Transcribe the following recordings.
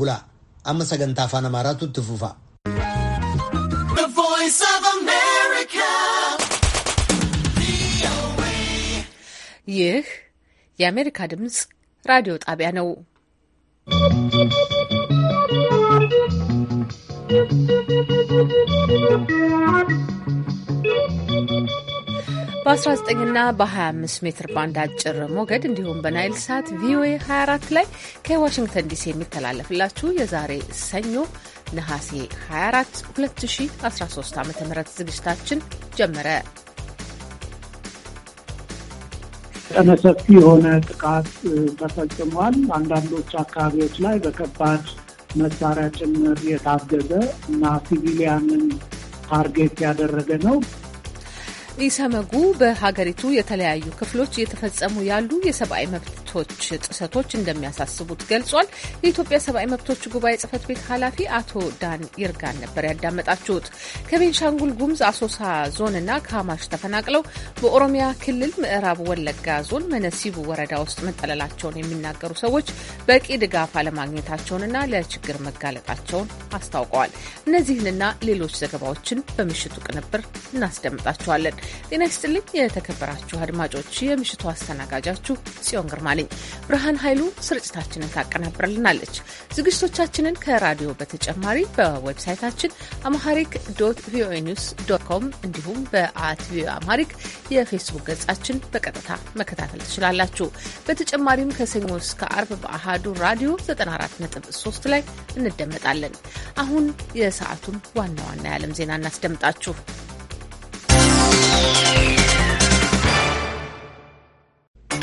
ቡላ አመ ሰገንታ አማራቱ ትፉፋ ይህ የአሜሪካ ድምፅ ራዲዮ ጣቢያ ነው። በ19 ና በ25 ሜትር ባንድ አጭር ሞገድ እንዲሁም በናይል ሳት ቪኦኤ 24 ላይ ከዋሽንግተን ዲሲ የሚተላለፍላችሁ የዛሬ ሰኞ ነሐሴ 24 2013 ዓ ም ዝግጅታችን ጀመረ። መጠነ ሰፊ የሆነ ጥቃት ተፈጽሟል። አንዳንዶች አካባቢዎች ላይ በከባድ መሳሪያ ጭምር የታገዘ እና ሲቪሊያንን ታርጌት ያደረገ ነው። ኢሰመጉ በሀገሪቱ የተለያዩ ክፍሎች እየተፈጸሙ ያሉ የሰብአዊ መብቶች ጥሰቶች እንደሚያሳስቡት ገልጿል። የኢትዮጵያ ሰብአዊ መብቶች ጉባኤ ጽህፈት ቤት ኃላፊ አቶ ዳን ይርጋን ነበር ያዳመጣችሁት። ከቤንሻንጉል ጉሙዝ አሶሳ ዞንና ካማሽ ተፈናቅለው በኦሮሚያ ክልል ምዕራብ ወለጋ ዞን መነሲቡ ወረዳ ውስጥ መጠለላቸውን የሚናገሩ ሰዎች በቂ ድጋፍ አለማግኘታቸውንና ለችግር መጋለጣቸውን አስታውቀዋል። እነዚህንና ሌሎች ዘገባዎችን በምሽቱ ቅንብር እናስደምጣቸዋለን። ጤና ይስጥልኝ የተከበራችሁ አድማጮች፣ የምሽቱ አስተናጋጃችሁ ጽዮን ግርማ ነኝ። ብርሃን ኃይሉ ስርጭታችንን ታቀናብርልናለች። ዝግጅቶቻችንን ከራዲዮ በተጨማሪ በዌብሳይታችን አማሐሪክ ዶት ቪኦኤ ኒውስ ዶት ኮም እንዲሁም በአት ቪኦኤ አማሪክ የፌስቡክ ገጻችን በቀጥታ መከታተል ትችላላችሁ። በተጨማሪም ከሰኞ እስከ አርብ በአሃዱ ራዲዮ 94.3 ላይ እንደመጣለን። አሁን የሰዓቱን ዋና ዋና የዓለም ዜና እናስደምጣችሁ።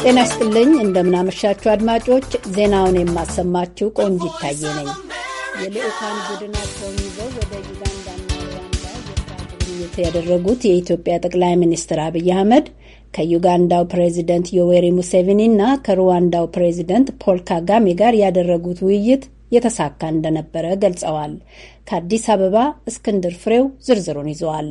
ጤና ስጥልኝ፣ እንደምናመሻችሁ አድማጮች፣ ዜናውን የማሰማችው ቆንጅ ይታየ ነኝ። የልዑካን ቡድናቸውን ይዘው ወደ ዩጋንዳና ሩዋንዳ ያደረጉት የኢትዮጵያ ጠቅላይ ሚኒስትር አብይ አህመድ ከዩጋንዳው ፕሬዚደንት ዮዌሪ ሙሴቪኒ እና ከሩዋንዳው ፕሬዚደንት ፖል ካጋሜ ጋር ያደረጉት ውይይት የተሳካ እንደነበረ ገልጸዋል። ከአዲስ አበባ እስክንድር ፍሬው ዝርዝሩን ይዘዋል።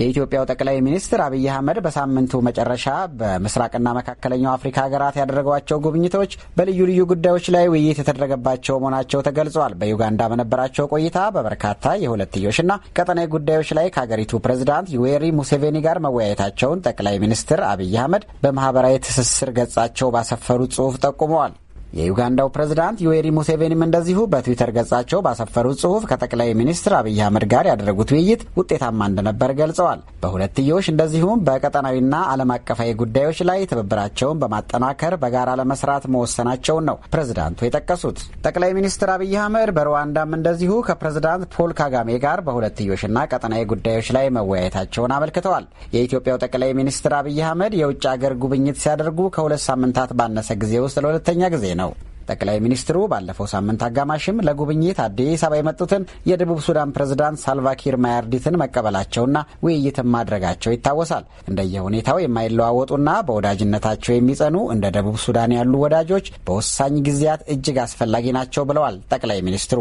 የኢትዮጵያው ጠቅላይ ሚኒስትር አብይ አህመድ በሳምንቱ መጨረሻ በምስራቅና መካከለኛው አፍሪካ ሀገራት ያደረጓቸው ጉብኝቶች በልዩ ልዩ ጉዳዮች ላይ ውይይት የተደረገባቸው መሆናቸው ተገልጿል። በዩጋንዳ በነበራቸው ቆይታ በበርካታ የሁለትዮሽና ቀጠናዊ ጉዳዮች ላይ ከሀገሪቱ ፕሬዝዳንት ዩዌሪ ሙሴቬኒ ጋር መወያየታቸውን ጠቅላይ ሚኒስትር አብይ አህመድ በማህበራዊ ትስስር ገጻቸው ባሰፈሩት ጽሑፍ ጠቁመዋል። የዩጋንዳው ፕሬዝዳንት ዩዌሪ ሙሴቬኒም እንደዚሁ በትዊተር ገጻቸው ባሰፈሩት ጽሑፍ ከጠቅላይ ሚኒስትር አብይ አህመድ ጋር ያደረጉት ውይይት ውጤታማ እንደነበር ገልጸዋል። በሁለትዮሽ እንደዚሁም በቀጠናዊና ዓለም አቀፋዊ ጉዳዮች ላይ ትብብራቸውን በማጠናከር በጋራ ለመስራት መወሰናቸውን ነው ፕሬዝዳንቱ የጠቀሱት። ጠቅላይ ሚኒስትር አብይ አህመድ በሩዋንዳም እንደዚሁ ከፕሬዝዳንት ፖል ካጋሜ ጋር በሁለትዮሽና ቀጠናዊ ጉዳዮች ላይ መወያየታቸውን አመልክተዋል። የኢትዮጵያው ጠቅላይ ሚኒስትር አብይ አህመድ የውጭ አገር ጉብኝት ሲያደርጉ ከሁለት ሳምንታት ባነሰ ጊዜ ውስጥ ለሁለተኛ ጊዜ ነው። ጠቅላይ ሚኒስትሩ ባለፈው ሳምንት አጋማሽም ለጉብኝት አዲስ አበባ የመጡትን የደቡብ ሱዳን ፕሬዝዳንት ሳልቫኪር ማያርዲትን መቀበላቸውና ውይይትን ማድረጋቸው ይታወሳል። እንደየ ሁኔታው የማይለዋወጡና በወዳጅነታቸው የሚጸኑ እንደ ደቡብ ሱዳን ያሉ ወዳጆች በወሳኝ ጊዜያት እጅግ አስፈላጊ ናቸው ብለዋል ጠቅላይ ሚኒስትሩ።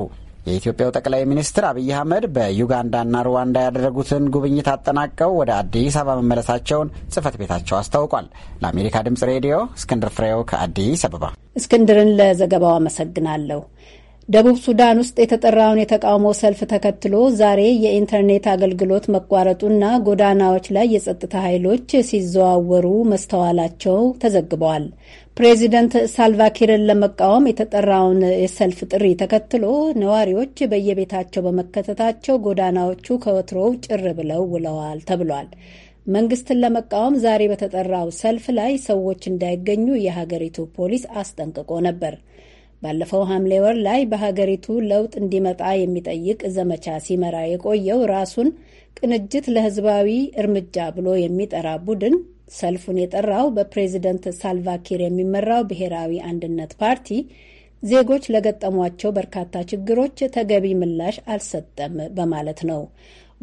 የኢትዮጵያው ጠቅላይ ሚኒስትር አብይ አህመድ በዩጋንዳና ሩዋንዳ ያደረጉትን ጉብኝት አጠናቀው ወደ አዲስ አበባ መመለሳቸውን ጽህፈት ቤታቸው አስታውቋል። ለአሜሪካ ድምጽ ሬዲዮ እስክንድር ፍሬው ከአዲስ አበባ። እስክንድርን ለዘገባው አመሰግናለሁ። ደቡብ ሱዳን ውስጥ የተጠራውን የተቃውሞ ሰልፍ ተከትሎ ዛሬ የኢንተርኔት አገልግሎት መቋረጡና ጎዳናዎች ላይ የጸጥታ ኃይሎች ሲዘዋወሩ መስተዋላቸው ተዘግበዋል። ፕሬዚደንት ሳልቫኪርን ለመቃወም የተጠራውን የሰልፍ ጥሪ ተከትሎ ነዋሪዎች በየቤታቸው በመከተታቸው ጎዳናዎቹ ከወትሮው ጭር ብለው ውለዋል ተብሏል። መንግስትን ለመቃወም ዛሬ በተጠራው ሰልፍ ላይ ሰዎች እንዳይገኙ የሀገሪቱ ፖሊስ አስጠንቅቆ ነበር። ባለፈው ሐምሌ ወር ላይ በሀገሪቱ ለውጥ እንዲመጣ የሚጠይቅ ዘመቻ ሲመራ የቆየው ራሱን ቅንጅት ለህዝባዊ እርምጃ ብሎ የሚጠራ ቡድን ሰልፉን የጠራው በፕሬዚደንት ሳልቫኪር የሚመራው ብሔራዊ አንድነት ፓርቲ ዜጎች ለገጠሟቸው በርካታ ችግሮች ተገቢ ምላሽ አልሰጠም በማለት ነው።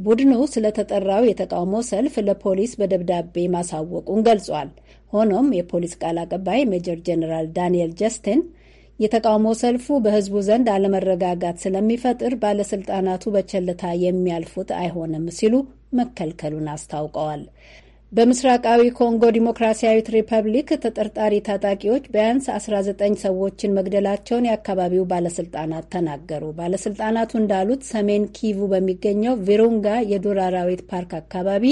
ቡድኑ ስለተጠራው የተቃውሞ ሰልፍ ለፖሊስ በደብዳቤ ማሳወቁን ገልጿል። ሆኖም የፖሊስ ቃል አቀባይ ሜጀር ጀነራል ዳንኤል ጀስቲን የተቃውሞ ሰልፉ በህዝቡ ዘንድ አለመረጋጋት ስለሚፈጥር ባለስልጣናቱ በቸልታ የሚያልፉት አይሆንም ሲሉ መከልከሉን አስታውቀዋል። በምስራቃዊ ኮንጎ ዲሞክራሲያዊት ሪፐብሊክ ተጠርጣሪ ታጣቂዎች ቢያንስ 19 ሰዎችን መግደላቸውን የአካባቢው ባለስልጣናት ተናገሩ። ባለስልጣናቱ እንዳሉት ሰሜን ኪቩ በሚገኘው ቪሩንጋ የዱር አራዊት ፓርክ አካባቢ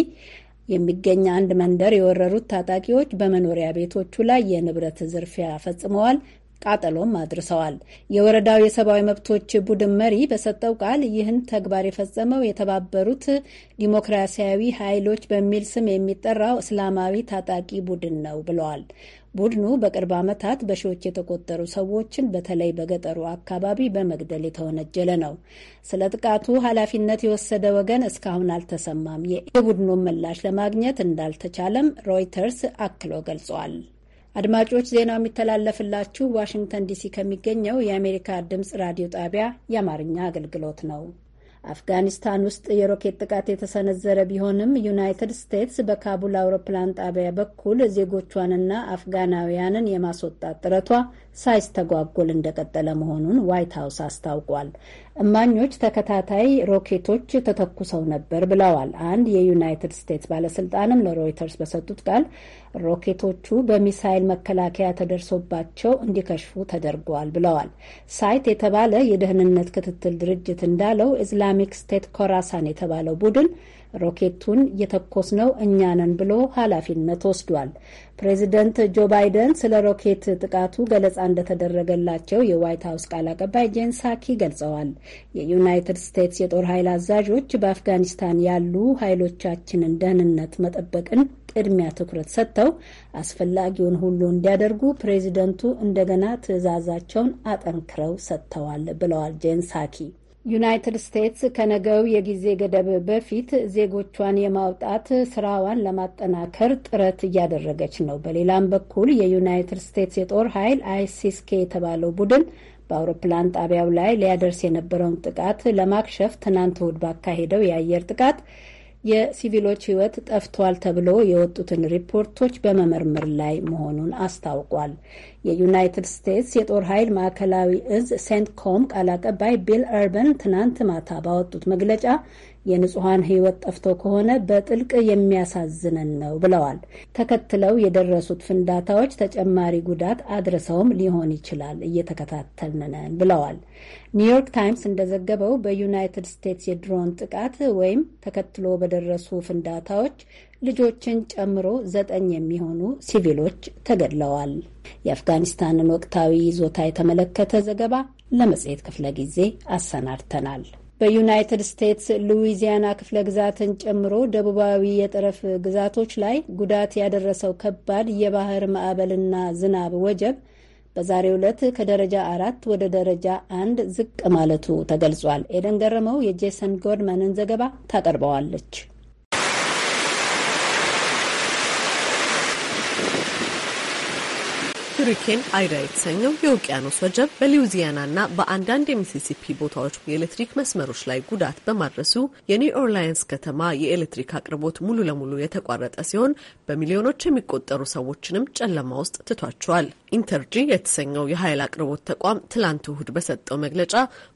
የሚገኝ አንድ መንደር የወረሩት ታጣቂዎች በመኖሪያ ቤቶቹ ላይ የንብረት ዝርፊያ ፈጽመዋል፣ ቃጠሎም አድርሰዋል። የወረዳው የሰብአዊ መብቶች ቡድን መሪ በሰጠው ቃል ይህን ተግባር የፈጸመው የተባበሩት ዲሞክራሲያዊ ኃይሎች በሚል ስም የሚጠራው እስላማዊ ታጣቂ ቡድን ነው ብለዋል። ቡድኑ በቅርብ ዓመታት በሺዎች የተቆጠሩ ሰዎችን በተለይ በገጠሩ አካባቢ በመግደል የተወነጀለ ነው። ስለ ጥቃቱ ኃላፊነት የወሰደ ወገን እስካሁን አልተሰማም። የቡድኑን ምላሽ ለማግኘት እንዳልተቻለም ሮይተርስ አክሎ ገልጿል። አድማጮች ዜናው የሚተላለፍላችሁ ዋሽንግተን ዲሲ ከሚገኘው የአሜሪካ ድምፅ ራዲዮ ጣቢያ የአማርኛ አገልግሎት ነው። አፍጋኒስታን ውስጥ የሮኬት ጥቃት የተሰነዘረ ቢሆንም ዩናይትድ ስቴትስ በካቡል አውሮፕላን ጣቢያ በኩል ዜጎቿንና አፍጋናውያንን የማስወጣት ጥረቷ ሳይስተጓጎል እንደቀጠለ መሆኑን ዋይት ሀውስ አስታውቋል። እማኞች ተከታታይ ሮኬቶች ተተኩሰው ነበር ብለዋል። አንድ የዩናይትድ ስቴትስ ባለስልጣንም ለሮይተርስ በሰጡት ቃል ሮኬቶቹ በሚሳይል መከላከያ ተደርሶባቸው እንዲከሽፉ ተደርገዋል ብለዋል። ሳይት የተባለ የደህንነት ክትትል ድርጅት እንዳለው ኢስላሚክ ስቴት ኮራሳን የተባለው ቡድን ሮኬቱን ነው እኛ ነን ብሎ ኃላፊነት ወስዷል። ፕሬዚደንት ጆ ባይደን ስለ ሮኬት ጥቃቱ ገለጻ እንደተደረገላቸው የዋይት ሀውስ ቃል አቀባይ ጄን ሳኪ ገልጸዋል። የዩናይትድ ስቴትስ የጦር ኃይል አዛዦች በአፍጋኒስታን ያሉ ኃይሎቻችንን ደህንነት መጠበቅን ቅድሚያ ትኩረት ሰጥተው አስፈላጊውን ሁሉ እንዲያደርጉ ፕሬዚደንቱ እንደገና ትዕዛዛቸውን አጠንክረው ሰጥተዋል ብለዋል ጄን ሳኪ። ዩናይትድ ስቴትስ ከነገው የጊዜ ገደብ በፊት ዜጎቿን የማውጣት ስራዋን ለማጠናከር ጥረት እያደረገች ነው። በሌላም በኩል የዩናይትድ ስቴትስ የጦር ኃይል አይሲስኬ የተባለው ቡድን በአውሮፕላን ጣቢያው ላይ ሊያደርስ የነበረውን ጥቃት ለማክሸፍ ትናንት እሁድ ባካሄደው የአየር ጥቃት የሲቪሎች ሕይወት ጠፍቷል ተብሎ የወጡትን ሪፖርቶች በመመርመር ላይ መሆኑን አስታውቋል። የዩናይትድ ስቴትስ የጦር ኃይል ማዕከላዊ እዝ ኮም ቃል አቀባይ ቢል እርበን ትናንት ማታ ባወጡት መግለጫ የንጹሐን ሕይወት ጠፍቶ ከሆነ በጥልቅ የሚያሳዝነን ነው ብለዋል። ተከትለው የደረሱት ፍንዳታዎች ተጨማሪ ጉዳት አድርሰውም ሊሆን ይችላል፣ እየተከታተልን ነን ብለዋል። ኒውዮርክ ታይምስ እንደዘገበው በዩናይትድ ስቴትስ የድሮን ጥቃት ወይም ተከትሎ በደረሱ ፍንዳታዎች ልጆችን ጨምሮ ዘጠኝ የሚሆኑ ሲቪሎች ተገድለዋል። የአፍጋኒስታንን ወቅታዊ ይዞታ የተመለከተ ዘገባ ለመጽሔት ክፍለ ጊዜ አሰናድተናል። በዩናይትድ ስቴትስ ሉዊዚያና ክፍለ ግዛትን ጨምሮ ደቡባዊ የጠረፍ ግዛቶች ላይ ጉዳት ያደረሰው ከባድ የባህር ማዕበልና ዝናብ ወጀብ በዛሬው ዕለት ከደረጃ አራት ወደ ደረጃ አንድ ዝቅ ማለቱ ተገልጿል። ኤደን ገረመው የጄሰን ጎድመንን ዘገባ ታቀርበዋለች። ሁሪኬን አይዳ የተሰኘው የውቅያኖስ ወጀብ በሉዊዚያናና በአንዳንድ የሚሲሲፒ ቦታዎች የኤሌክትሪክ መስመሮች ላይ ጉዳት በማድረሱ የኒው ኦርላይንስ ከተማ የኤሌክትሪክ አቅርቦት ሙሉ ለሙሉ የተቋረጠ ሲሆን በሚሊዮኖች የሚቆጠሩ ሰዎችንም ጨለማ ውስጥ ትቷቸዋል። ኢንተርጂ የተሰኘው የኃይል አቅርቦት ተቋም ትላንት እሁድ በሰጠው መግለጫ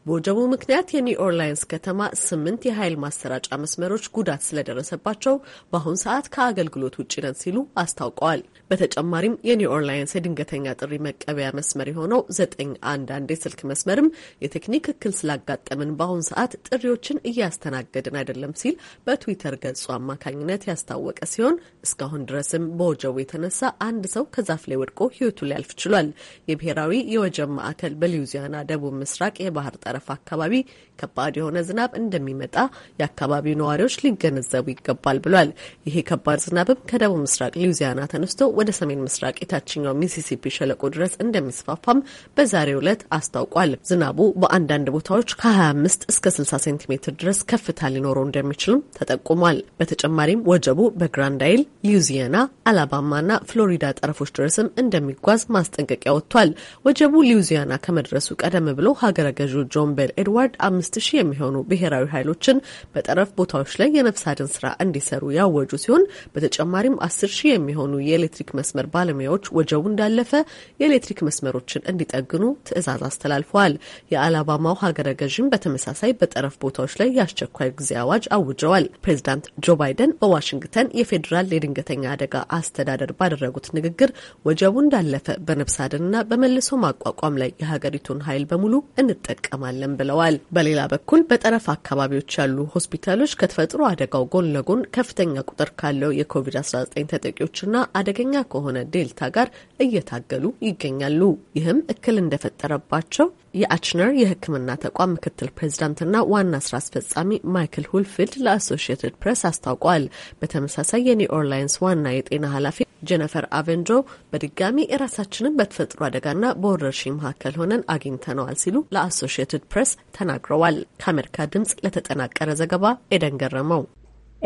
በወጀቡ ምክንያት የኒው ኦርላይንስ ከተማ ስምንት የኃይል ማሰራጫ መስመሮች ጉዳት ስለደረሰባቸው በአሁን ሰዓት ከአገልግሎት ውጭ ነን ሲሉ አስታውቀዋል። በተጨማሪም የኒው ኦርላይንስ የድንገተኛ ጥሪ መቀበያ መስመር የሆነው ዘጠኝ አንድ አንድ የስልክ መስመርም የቴክኒክ እክል ስላጋጠምን በአሁን ሰዓት ጥሪዎችን እያስተናገድን አይደለም ሲል በትዊተር ገጹ አማካኝነት ያስታወቀ ሲሆን እስካሁን ድረስም በወጀቡ የተነሳ አንድ ሰው ከዛፍ ላይ ወድቆ ህይወቱ ሊያል ሊያልፍ ችሏል። የብሔራዊ የወጀብ ማዕከል በሊዩዚያና ደቡብ ምስራቅ የባህር ጠረፍ አካባቢ ከባድ የሆነ ዝናብ እንደሚመጣ የአካባቢው ነዋሪዎች ሊገነዘቡ ይገባል ብሏል። ይሄ ከባድ ዝናብም ከደቡብ ምስራቅ ሉዊዚያና ተነስቶ ወደ ሰሜን ምስራቅ የታችኛው ሚሲሲፒ ሸለቆ ድረስ እንደሚስፋፋም በዛሬው ዕለት አስታውቋል። ዝናቡ በአንዳንድ ቦታዎች ከ25 እስከ 60 ሴንቲሜትር ድረስ ከፍታ ሊኖረው እንደሚችልም ተጠቁሟል። በተጨማሪም ወጀቡ በግራንዳይል አላባማ አላባማና ፍሎሪዳ ጠረፎች ድረስም እንደሚጓዝ ማስጠንቀቂያ ወጥቷል። ወጀቡ ሉዊዚያና ከመድረሱ ቀደም ብሎ ሀገረ ገዢው ጆን ቤል ኤድዋርድ አምስት ሺህ የሚሆኑ ብሔራዊ ኃይሎችን በጠረፍ ቦታዎች ላይ የነፍስ አድን ስራ እንዲሰሩ ያወጁ ሲሆን በተጨማሪም አስር ሺህ የሚሆኑ የኤሌክትሪክ መስመር ባለሙያዎች ወጀቡ እንዳለፈ የኤሌክትሪክ መስመሮችን እንዲጠግኑ ትዕዛዝ አስተላልፈዋል። የአላባማው ሀገረ ገዥም በተመሳሳይ በጠረፍ ቦታዎች ላይ የአስቸኳይ ጊዜ አዋጅ አውጀዋል። ፕሬዚዳንት ጆ ባይደን በዋሽንግተን የፌዴራል የድንገተኛ አደጋ አስተዳደር ባደረጉት ንግግር ወጀቡ እንዳለፈ በነፍስ አድንና በመልሶ ማቋቋም ላይ የሀገሪቱን ኃይል በሙሉ እንጠቀማለን ብለዋል። በሌላ በኩል በጠረፍ አካባቢዎች ያሉ ሆስፒታሎች ከተፈጥሮ አደጋው ጎን ለጎን ከፍተኛ ቁጥር ካለው የኮቪድ-19 ተጠቂዎችና አደገኛ ከሆነ ዴልታ ጋር እየታገሉ ይገኛሉ። ይህም እክል እንደፈጠረባቸው የአችነር የሕክምና ተቋም ምክትል ፕሬዚዳንትና ዋና ስራ አስፈጻሚ ማይክል ሁልፊልድ ለአሶሺየትድ ፕሬስ አስታውቋል። በተመሳሳይ የኒው ኦርላይንስ ዋና የጤና ኃላፊ ጀነፈር አቬንጆ በድጋሚ የራሳችንን በተፈጥሮ አደጋና በወረርሽኝ መካከል ሆነን አግኝተነዋል ሲሉ ለአሶሽየትድ ፕሬስ ተናግረዋል። ተናግረዋል። ከአሜሪካ ድምጽ ለተጠናቀረ ዘገባ ኤደን ገረመው።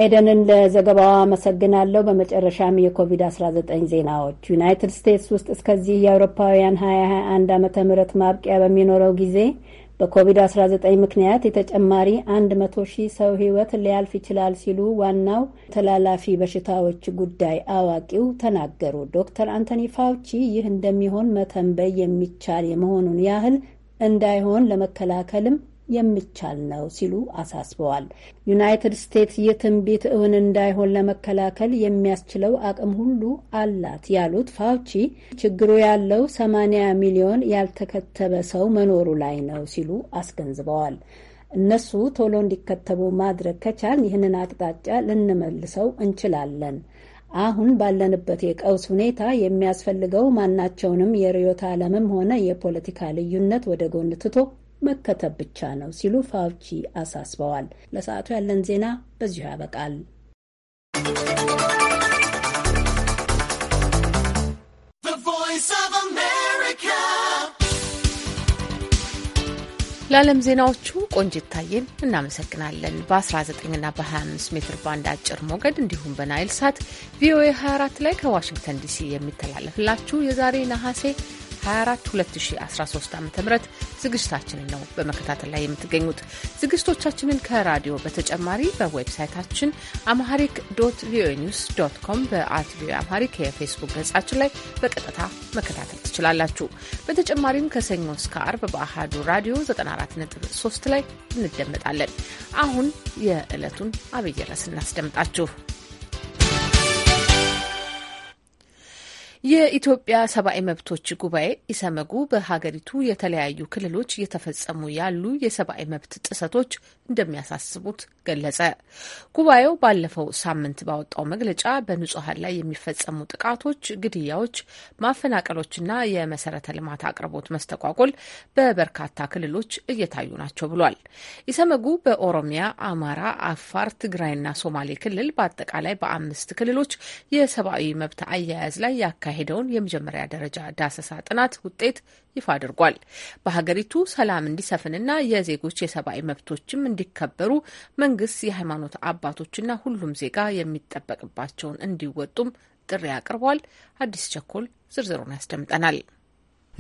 ኤደንን ለዘገባዋ አመሰግናለሁ። በመጨረሻም የኮቪድ-19 ዜናዎች። ዩናይትድ ስቴትስ ውስጥ እስከዚህ የአውሮፓውያን 2021 ዓ ም ማብቂያ በሚኖረው ጊዜ በኮቪድ-19 ምክንያት የተጨማሪ 100 ሺህ ሰው ህይወት ሊያልፍ ይችላል ሲሉ ዋናው ተላላፊ በሽታዎች ጉዳይ አዋቂው ተናገሩ። ዶክተር አንቶኒ ፋውቺ ይህ እንደሚሆን መተንበይ የሚቻል የመሆኑን ያህል እንዳይሆን ለመከላከልም የሚቻል ነው ሲሉ አሳስበዋል። ዩናይትድ ስቴትስ የትንቢት እውን እንዳይሆን ለመከላከል የሚያስችለው አቅም ሁሉ አላት ያሉት ፋውቺ ችግሩ ያለው 80ያ ሚሊዮን ያልተከተበ ሰው መኖሩ ላይ ነው ሲሉ አስገንዝበዋል። እነሱ ቶሎ እንዲከተቡ ማድረግ ከቻል ይህንን አቅጣጫ ልንመልሰው እንችላለን። አሁን ባለንበት የቀውስ ሁኔታ የሚያስፈልገው ማናቸውንም የርዕዮተ ዓለምም ሆነ የፖለቲካ ልዩነት ወደ ጎን ትቶ መከተብ ብቻ ነው ሲሉ ፋውቺ አሳስበዋል። ለሰዓቱ ያለን ዜና በዚሁ ያበቃል። ለዓለም ዜናዎቹ ቆንጂት ታየን እናመሰግናለን። በ19ና በ25 ሜትር ባንድ አጭር ሞገድ እንዲሁም በናይል ሳት ቪኦኤ 24 ላይ ከዋሽንግተን ዲሲ የሚተላለፍላችሁ የዛሬ ነሐሴ 24 2013 ዓ ም ዝግጅታችንን ነው በመከታተል ላይ የምትገኙት። ዝግጅቶቻችንን ከራዲዮ በተጨማሪ በዌብሳይታችን አምሃሪክ ዶት ቪኦኤ ኒውስ ዶት ኮም በአት ቪኦኤ አምሃሪክ የፌስቡክ ገጻችን ላይ በቀጥታ መከታተል ትችላላችሁ። በተጨማሪም ከሰኞ እስከ አርብ በአሃዱ ራዲዮ 94.3 ላይ እንደመጣለን። አሁን የዕለቱን አብይ ርዕስ እናስደምጣችሁ። የኢትዮጵያ ሰብአዊ መብቶች ጉባኤ ኢሰመጉ በሀገሪቱ የተለያዩ ክልሎች እየተፈጸሙ ያሉ የሰብአዊ መብት ጥሰቶች እንደሚያሳስቡት ገለጸ። ጉባኤው ባለፈው ሳምንት ባወጣው መግለጫ በንጹሐን ላይ የሚፈጸሙ ጥቃቶች፣ ግድያዎች፣ ማፈናቀሎችና የመሰረተ ልማት አቅርቦት መስተጓጎል በበርካታ ክልሎች እየታዩ ናቸው ብሏል። ኢሰመጉ በኦሮሚያ፣ አማራ፣ አፋር፣ ትግራይና ሶማሌ ክልል በአጠቃላይ በአምስት ክልሎች የሰብአዊ መብት አያያዝ ላይ ያካሄደውን የመጀመሪያ ደረጃ ዳሰሳ ጥናት ውጤት ይፋ አድርጓል። በሀገሪቱ ሰላም እንዲሰፍንና የዜጎች የሰብአዊ መብቶችም እንዲከበሩ መንግስት የሃይማኖት አባቶችና ሁሉም ዜጋ የሚጠበቅባቸውን እንዲወጡም ጥሪ አቅርቧል። አዲስ ቸኮል ዝርዝሩን ያስደምጠናል።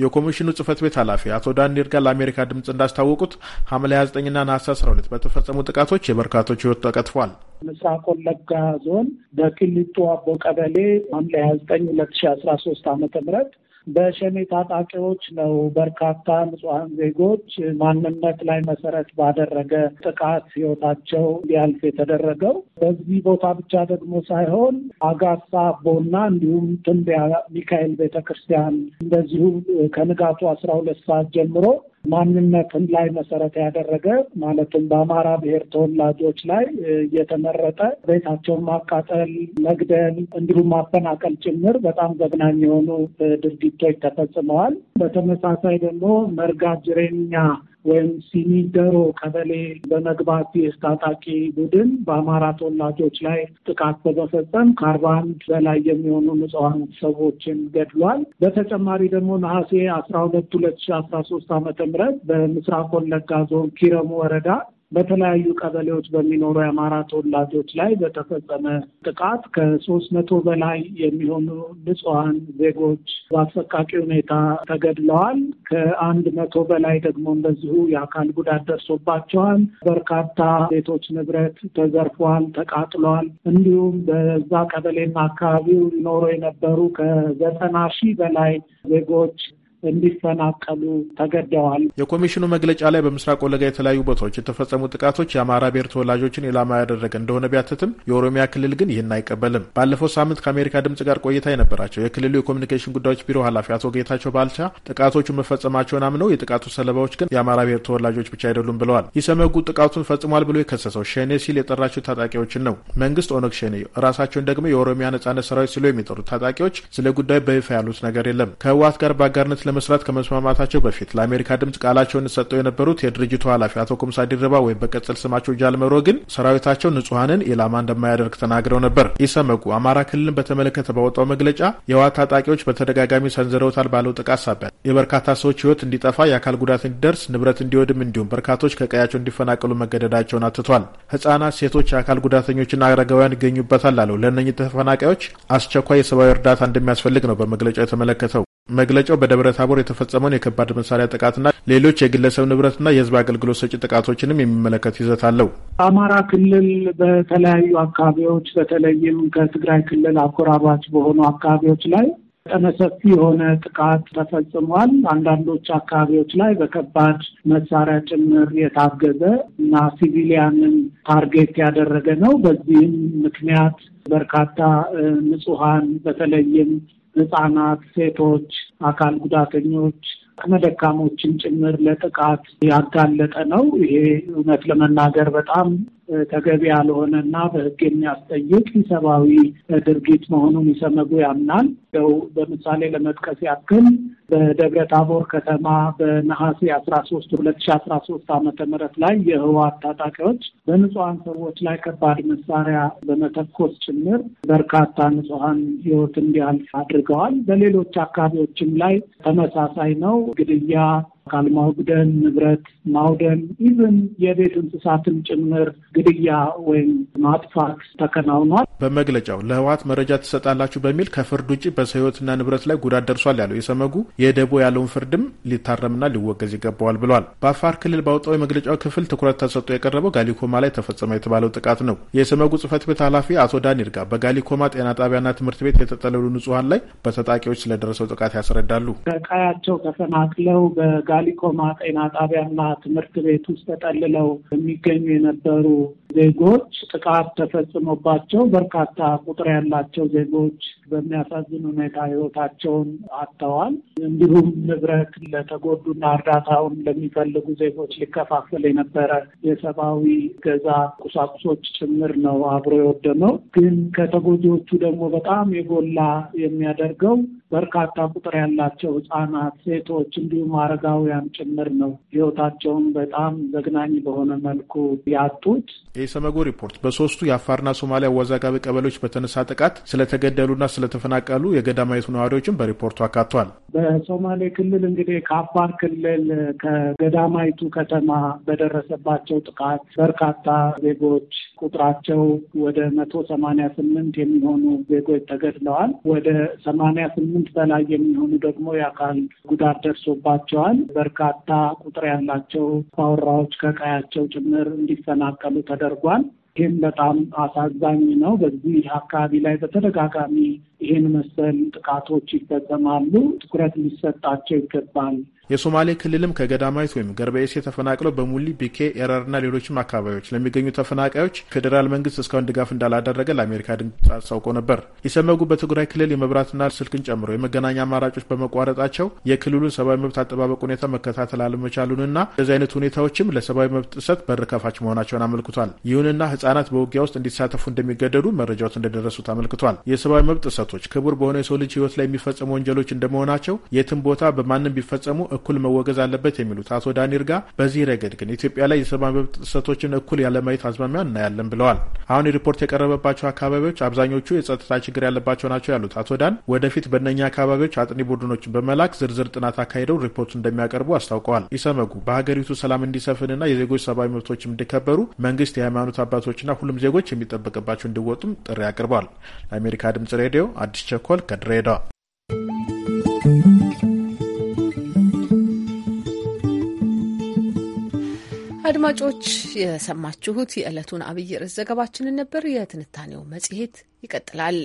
የኮሚሽኑ ጽህፈት ቤት ኃላፊ አቶ ዳን ይርጋ ለአሜሪካ ድምፅ እንዳስታወቁት ሐምሌ 29ና ነሐሴ 12 በተፈጸሙ ጥቃቶች የበርካቶች ህይወት ተቀጥፏል። ምስራቅ ወለጋ ዞን በቅሊጦ አቦ ቀበሌ ሐምሌ 29 2013 ዓ.ም በሸኔ ታጣቂዎች ነው በርካታ ንጹሐን ዜጎች ማንነት ላይ መሰረት ባደረገ ጥቃት ህይወታቸው እንዲያልፍ የተደረገው። በዚህ ቦታ ብቻ ደግሞ ሳይሆን አጋሳ ቦና እንዲሁም ትንቢያ ሚካኤል ቤተክርስቲያን እንደዚሁ ከንጋቱ አስራ ሁለት ሰዓት ጀምሮ ማንነትን ላይ መሰረት ያደረገ ማለትም በአማራ ብሔር ተወላጆች ላይ እየተመረጠ ቤታቸውን ማቃጠል፣ መግደል እንዲሁም ማፈናቀል ጭምር በጣም ዘግናኝ የሆኑ ድርጊቶች ተፈጽመዋል። በተመሳሳይ ደግሞ መርጋ ጅሬኛ ወይም ሲሚደሮ ቀበሌ በመግባት ይህ ታጣቂ ቡድን በአማራ ተወላጆች ላይ ጥቃት በመፈጸም ከአርባ አንድ በላይ የሚሆኑ ንጹሐን ሰዎችን ገድሏል። በተጨማሪ ደግሞ ነሐሴ አስራ ሁለት ሁለት ሺ አስራ ሶስት አመተ ምህረት በምስራቅ ወለጋ ዞን ኪረሙ ወረዳ በተለያዩ ቀበሌዎች በሚኖሩ የአማራ ተወላጆች ላይ በተፈጸመ ጥቃት ከሶስት መቶ በላይ የሚሆኑ ንጹሐን ዜጎች በአሰቃቂ ሁኔታ ተገድለዋል። ከአንድ መቶ በላይ ደግሞ እንደዚሁ የአካል ጉዳት ደርሶባቸዋል። በርካታ ቤቶች ንብረት ተዘርፏል፣ ተቃጥሏል። እንዲሁም በዛ ቀበሌና አካባቢው ይኖሩ የነበሩ ከዘጠና ሺህ በላይ ዜጎች እንዲፈናቀሉ ተገደዋል። የኮሚሽኑ መግለጫ ላይ በምስራቅ ወለጋ የተለያዩ ቦታዎች የተፈጸሙ ጥቃቶች የአማራ ብሔር ተወላጆችን ኢላማ ያደረገ እንደሆነ ቢያትትም የኦሮሚያ ክልል ግን ይህን አይቀበልም። ባለፈው ሳምንት ከአሜሪካ ድምጽ ጋር ቆይታ የነበራቸው የክልሉ የኮሚኒኬሽን ጉዳዮች ቢሮ ኃላፊ አቶ ጌታቸው ባልቻ ጥቃቶቹ መፈጸማቸውን አምነው የጥቃቱ ሰለባዎች ግን የአማራ ብሔር ተወላጆች ብቻ አይደሉም ብለዋል። ኢሰመጉ ጥቃቱን ፈጽሟል ብሎ የከሰሰው ሸኔ ሲል የጠራቸው ታጣቂዎችን ነው። መንግስት ኦነግ ሸኔ፣ ራሳቸውን ደግሞ የኦሮሚያ ነጻነት ሰራዊት ሲሉ የሚጠሩት ታጣቂዎች ስለ ጉዳዩ በይፋ ያሉት ነገር የለም። ከህወሓት ጋር በአጋርነት ለመስራት ከመስማማታቸው በፊት ለአሜሪካ ድምጽ ቃላቸውን ሰጠው የነበሩት የድርጅቱ ኃላፊ አቶ ኩምሳ ዲርባ ወይም በቀጽል ስማቸው ጃልመሮ ግን ሰራዊታቸው ንጹሐንን ኢላማ እንደማያደርግ ተናግረው ነበር። ኢሰመጉ አማራ ክልልን በተመለከተ ባወጣው መግለጫ የህወሓት ታጣቂዎች በተደጋጋሚ ሰንዝረውታል ባለው ጥቃት ሳቢያ የበርካታ ሰዎች ህይወት እንዲጠፋ፣ የአካል ጉዳት እንዲደርስ፣ ንብረት እንዲወድም እንዲሁም በርካቶች ከቀያቸው እንዲፈናቀሉ መገደዳቸውን አትቷል። ህጻናት፣ ሴቶች፣ የአካል ጉዳተኞችና አረጋውያን ይገኙበታል አለው። ለእነኚህ ተፈናቃዮች አስቸኳይ የሰብአዊ እርዳታ እንደሚያስፈልግ ነው በመግለጫው የተመለከተው። መግለጫው በደብረ ታቦር የተፈጸመውን የከባድ መሳሪያ ጥቃትና ሌሎች የግለሰብ ንብረትና የህዝብ አገልግሎት ሰጪ ጥቃቶችንም የሚመለከት ይዘት አለው። አማራ ክልል በተለያዩ አካባቢዎች በተለይም ከትግራይ ክልል አጎራባች በሆኑ አካባቢዎች ላይ መጠነ ሰፊ የሆነ ጥቃት ተፈጽሟል። አንዳንዶች አካባቢዎች ላይ በከባድ መሳሪያ ጭምር የታገዘ እና ሲቪሊያንን ታርጌት ያደረገ ነው። በዚህም ምክንያት በርካታ ንጹሐን በተለይም ህጻናት፣ ሴቶች፣ አካል ጉዳተኞች ከመደካሞችን ጭምር ለጥቃት ያጋለጠ ነው። ይሄ እውነት ለመናገር በጣም ተገቢ ያልሆነ እና በሕግ የሚያስጠይቅ ኢሰብአዊ ድርጊት መሆኑን ይሰመጉ ያምናል። ው በምሳሌ ለመጥቀስ ያክል በደብረ ታቦር ከተማ በነሐሴ አስራ ሶስት ሁለት ሺ አስራ ሶስት ዓመተ ምህረት ላይ የህወሓት ታጣቂዎች በንጹሀን ሰዎች ላይ ከባድ መሳሪያ በመተኮስ ጭምር በርካታ ንጹሀን ህይወት እንዲያልፍ አድርገዋል። በሌሎች አካባቢዎችም ላይ ተመሳሳይ ነው። ግድያ አካል ማውደን፣ ንብረት ማውደን፣ ኢቨን የቤት እንስሳትን ጭምር ግድያ ወይም ማጥፋት ተከናውኗል። በመግለጫው ለህወሓት መረጃ ትሰጣላችሁ በሚል ከፍርድ ውጭ በሰው ህይወትና ንብረት ላይ ጉዳት ደርሷል ያለው የሰመጉ የደቦ ያለውን ፍርድም ሊታረምና ሊወገዝ ይገባዋል ብሏል። በአፋር ክልል ባወጣው የመግለጫው ክፍል ትኩረት ተሰጥቶ የቀረበው ጋሊኮማ ላይ ተፈጸመ የተባለው ጥቃት ነው። የሰመጉ ጽህፈት ቤት ኃላፊ አቶ ዳኒር ጋር በጋሊኮማ ጤና ጣቢያና ትምህርት ቤት የተጠለሉ ንጹሀን ላይ በታጣቂዎች ስለደረሰው ጥቃት ያስረዳሉ። ከቀያቸው ተፈናቅለው በጋ ላሊኮማ ጤና ጣቢያና ትምህርት ቤት ውስጥ ተጠልለው የሚገኙ የነበሩ ዜጎች ጥቃት ተፈጽሞባቸው በርካታ ቁጥር ያላቸው ዜጎች በሚያሳዝን ሁኔታ ሕይወታቸውን አጥተዋል። እንዲሁም ንብረት ለተጎዱና እርዳታውን ለሚፈልጉ ዜጎች ሊከፋፈል የነበረ የሰብአዊ ገዛ ቁሳቁሶች ጭምር ነው አብሮ የወደመው። ግን ከተጎጂዎቹ ደግሞ በጣም የጎላ የሚያደርገው በርካታ ቁጥር ያላቸው ህጻናት፣ ሴቶች እንዲሁም አረጋውያን ጭምር ነው ህይወታቸውን በጣም ዘግናኝ በሆነ መልኩ ያጡት። የኢሰመጉ ሪፖርት በሶስቱ የአፋርና ሶማሊያ አወዛጋቢ ቀበሌዎች በተነሳ ጥቃት ስለተገደሉና ስለተፈናቀሉ የገዳማዊቱ ነዋሪዎችን በሪፖርቱ አካቷል። በሶማሌ ክልል እንግዲህ ከአፋር ክልል ከገዳማይቱ ከተማ በደረሰባቸው ጥቃት በርካታ ዜጎች ቁጥራቸው ወደ መቶ ሰማኒያ ስምንት የሚሆኑ ዜጎች ተገድለዋል። ወደ ሰማኒያ ስምንት በላይ የሚሆኑ ደግሞ የአካል ጉዳት ደርሶባቸዋል። በርካታ ቁጥር ያላቸው አባወራዎች ከቀያቸው ጭምር እንዲፈናቀሉ ተደ ተደርጓል። ይህም በጣም አሳዛኝ ነው። በዚህ አካባቢ ላይ በተደጋጋሚ ይህን መሰል ጥቃቶች ይፈጸማሉ፣ ትኩረት ሊሰጣቸው ይገባል። የሶማሌ ክልልም ከገዳማዊት ወይም ገርበኤሴ ተፈናቅለው በሙሊ፣ ቢኬ፣ ኤረርና ሌሎችም አካባቢዎች ለሚገኙ ተፈናቃዮች ፌዴራል መንግስት እስካሁን ድጋፍ እንዳላደረገ ለአሜሪካ ድምፅ አስታውቆ ነበር። ኢሰመጉ በትግራይ ክልል የመብራትና ስልክን ጨምሮ የመገናኛ አማራጮች በመቋረጣቸው የክልሉን ሰብአዊ መብት አጠባበቅ ሁኔታ መከታተል አለመቻሉንና እንደዚህ አይነት ሁኔታዎችም ለሰብአዊ መብት ጥሰት በር ከፋች መሆናቸውን አመልክቷል። ይሁንና ህጻናት በውጊያ ውስጥ እንዲሳተፉ እንደሚገደዱ መረጃዎች እንደደረሱት አመልክቷል። የሰብአዊ መብት ጥሰቱ ጥሰቶች ክቡር በሆነ የሰው ልጅ ህይወት ላይ የሚፈጸሙ ወንጀሎች እንደመሆናቸው የትም ቦታ በማንም ቢፈጸሙ እኩል መወገዝ አለበት የሚሉት አቶ ዳኒር ይርጋ በዚህ ረገድ ግን ኢትዮጵያ ላይ የሰብአዊ መብት ጥሰቶችን እኩል ያለማየት አዝማሚያ እናያለን ብለዋል። አሁን ሪፖርት የቀረበባቸው አካባቢዎች አብዛኞቹ የጸጥታ ችግር ያለባቸው ናቸው ያሉት አቶ ዳን ወደፊት በእነኛ አካባቢዎች አጥኒ ቡድኖችን በመላክ ዝርዝር ጥናት አካሂደው ሪፖርቱ እንደሚያቀርቡ አስታውቀዋል። ኢሰመጉ በሀገሪቱ ሰላም እንዲሰፍንና የዜጎች ሰብአዊ መብቶች እንዲከበሩ መንግስት፣ የሃይማኖት አባቶችና ሁሉም ዜጎች የሚጠበቅባቸው እንዲወጡም ጥሪ አቅርቧል። ለአሜሪካ ድምጽ ሬዲዮ አዲስ ቸኮል ከድሬዳዋ አድማጮች የሰማችሁት የዕለቱን አብይ ርዕስ ዘገባችንን ነበር። የትንታኔው መጽሔት ይቀጥላል።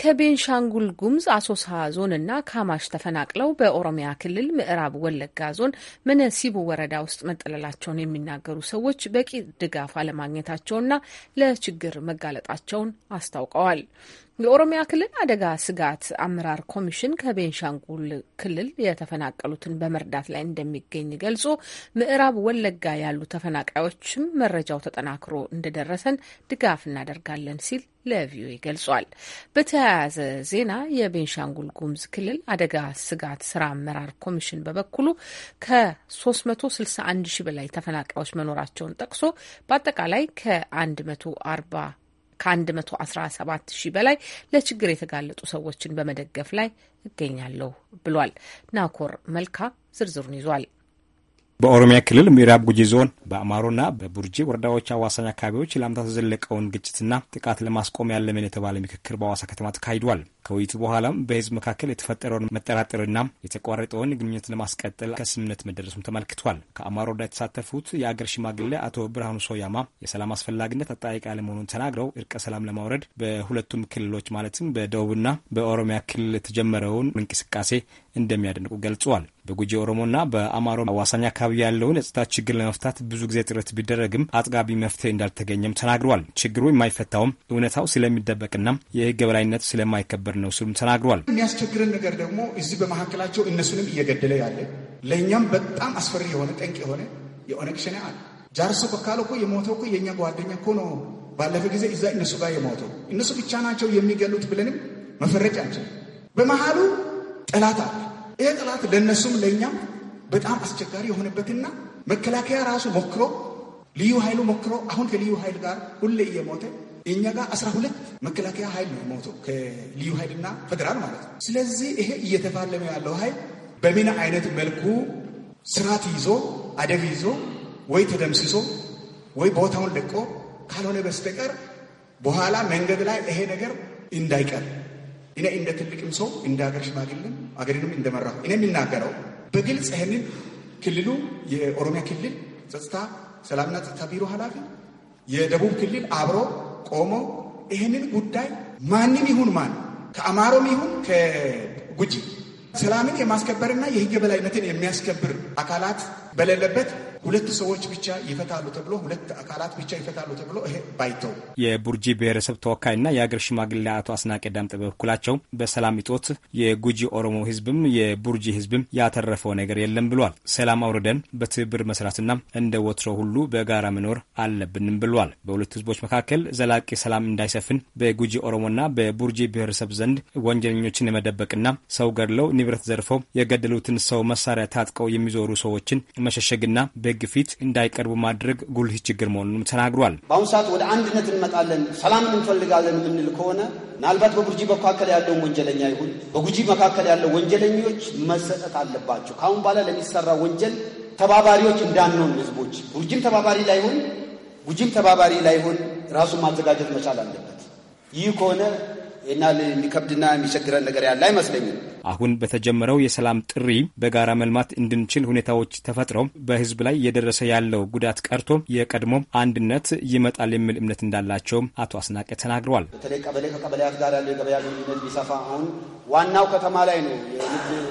ከቤንሻንጉል ጉሙዝ አሶሳ ዞንና ካማሽ ተፈናቅለው በኦሮሚያ ክልል ምዕራብ ወለጋ ዞን መነሲቡ ወረዳ ውስጥ መጠለላቸውን የሚናገሩ ሰዎች በቂ ድጋፍ አለማግኘታቸውና ለችግር መጋለጣቸውን አስታውቀዋል። የኦሮሚያ ክልል አደጋ ስጋት አመራር ኮሚሽን ከቤንሻንጉል ክልል የተፈናቀሉትን በመርዳት ላይ እንደሚገኝ ገልጾ ምዕራብ ወለጋ ያሉ ተፈናቃዮችም መረጃው ተጠናክሮ እንደደረሰን ድጋፍ እናደርጋለን ሲል ለቪኦኤ ገልጿል። በተያያዘ ዜና የቤንሻንጉል ጉሙዝ ክልል አደጋ ስጋት ስራ አመራር ኮሚሽን በበኩሉ ከ361 ሺ በላይ ተፈናቃዮች መኖራቸውን ጠቅሶ በአጠቃላይ ከ140 ከ117 ሺህ በላይ ለችግር የተጋለጡ ሰዎችን በመደገፍ ላይ እገኛለሁ ብሏል። ናኮር መልካ ዝርዝሩን ይዟል። በኦሮሚያ ክልል ምዕራብ ጉጂ ዞን በአማሮና በቡርጂ ወረዳዎች አዋሳኝ አካባቢዎች ለዓመታት የዘለቀውን ግጭትና ጥቃት ለማስቆም ያለምን የተባለ ምክክር በአዋሳ ከተማ ተካሂዷል። ከውይይቱ በኋላም በህዝብ መካከል የተፈጠረውን መጠራጠርና የተቋረጠውን ግንኙነት ለማስቀጠል ከስምምነት መደረሱም ተመልክቷል። ከአማሮ ወረዳ የተሳተፉት የአገር ሽማግሌ አቶ ብርሃኑ ሶያማ የሰላም አስፈላጊነት አጠያቂ አለመሆኑን ተናግረው እርቀ ሰላም ለማውረድ በሁለቱም ክልሎች ማለትም በደቡብና በኦሮሚያ ክልል የተጀመረውን እንቅስቃሴ እንደሚያደንቁ ገልጸዋል። በጉጂ ኦሮሞና በአማሮ አዋሳኝ አካባቢ ያለውን የጸጥታ ችግር ለመፍታት ብዙ ጊዜ ጥረት ቢደረግም አጥጋቢ መፍትሄ እንዳልተገኘም ተናግረዋል። ችግሩ የማይፈታውም እውነታው ስለሚደበቅና የህግ የበላይነት ስለማይከበር የነበር ነው ሲሉም ተናግሯል። የሚያስቸግረን ነገር ደግሞ እዚህ በመካከላቸው እነሱንም እየገደለ ያለ ለእኛም በጣም አስፈሪ የሆነ ጠንቅ የሆነ የኦነግ ሸኔ አለ። ጃርሶ በካለ እኮ የሞተው እኮ የእኛ ጓደኛ እኮ ነው። ባለፈ ጊዜ እዛ እነሱ ጋር የሞተው እነሱ ብቻ ናቸው የሚገሉት ብለንም መፈረጅ አንችል። በመሃሉ ጠላት አለ። ይሄ ጠላት ለእነሱም ለእኛም በጣም አስቸጋሪ የሆነበትና መከላከያ ራሱ ሞክሮ ልዩ ኃይሉ ሞክሮ አሁን ከልዩ ኃይል ጋር ሁሌ እየሞተ እኛ ጋር አስራ ሁለት መከላከያ ኃይል ነው የሞተው ከልዩ ኃይልና ፌደራል ማለት ነው። ስለዚህ ይሄ እየተፋለመ ያለው ኃይል በምን አይነት መልኩ ስርዓት ይዞ አደብ ይዞ ወይ ተደምስሶ ወይ ቦታውን ለቆ ካልሆነ በስተቀር በኋላ መንገድ ላይ ይሄ ነገር እንዳይቀር እኔ እንደ ትልቅም ሰው እንደ ሀገር ሽማግሌም አገርንም እንደመራሁ እኔ የሚናገረው በግልጽ ይህንን ክልሉ የኦሮሚያ ክልል ጸጥታ ሰላምና ጸጥታ ቢሮ ኃላፊ የደቡብ ክልል አብሮ ቆሞ ይህንን ጉዳይ ማንም ይሁን ማን ከአማሮም ይሁን ከጉጂ ሰላምን የማስከበርና የሕግ የበላይነትን የሚያስከብር አካላት በሌለበት ሁለት ሰዎች ብቻ ይፈታሉ ተብሎ ሁለት አካላት ብቻ ይፈታሉ ተብሎ ይሄ ባይተው የቡርጂ ብሔረሰብ ተወካይና የአገር ሽማግሌ አቶ አስናቀ ዳምጠ በበኩላቸው በሰላም እጦት የጉጂ ኦሮሞ ህዝብም የቡርጂ ህዝብም ያተረፈው ነገር የለም ብሏል። ሰላም አውርደን በትብብር መስራትና እንደ ወትሮ ሁሉ በጋራ መኖር አለብንም ብሏል። በሁለት ህዝቦች መካከል ዘላቂ ሰላም እንዳይሰፍን በጉጂ ኦሮሞና በቡርጂ ብሔረሰብ ዘንድ ወንጀለኞችን የመደበቅና ሰው ገድለው ንብረት ዘርፈው የገደሉትን ሰው መሳሪያ ታጥቀው የሚዞሩ ሰዎችን መሸሸግና በ ያለ ግፊት እንዳይቀርቡ ማድረግ ጉልህ ችግር መሆኑንም ተናግሯል። በአሁኑ ሰዓት ወደ አንድነት እንመጣለን፣ ሰላም እንፈልጋለን የምንል ከሆነ ምናልባት በጉጂ መካከል ያለውን ወንጀለኛ ይሁን በጉጂ መካከል ያለው ወንጀለኞች መሰጠት አለባቸው። ከአሁን በኋላ ለሚሰራ ወንጀል ተባባሪዎች እንዳንሆን ህዝቦች ጉጂም ተባባሪ ላይሆን ጉጂም ተባባሪ ላይሆን ራሱን ማዘጋጀት መቻል አለበት። ይህ ከሆነ ይና የሚከብድና የሚቸግረን ነገር ያለ አይመስለኝም። አሁን በተጀመረው የሰላም ጥሪ በጋራ መልማት እንድንችል ሁኔታዎች ተፈጥረው በህዝብ ላይ የደረሰ ያለው ጉዳት ቀርቶ የቀድሞ አንድነት ይመጣል የሚል እምነት እንዳላቸውም አቶ አስናቀ ተናግረዋል። በተለይ ቀበሌ ከቀበሌያት ጋር ያለው የገበያ ግንኙነት ቢሰፋ አሁን ዋናው ከተማ ላይ ነው የንግድ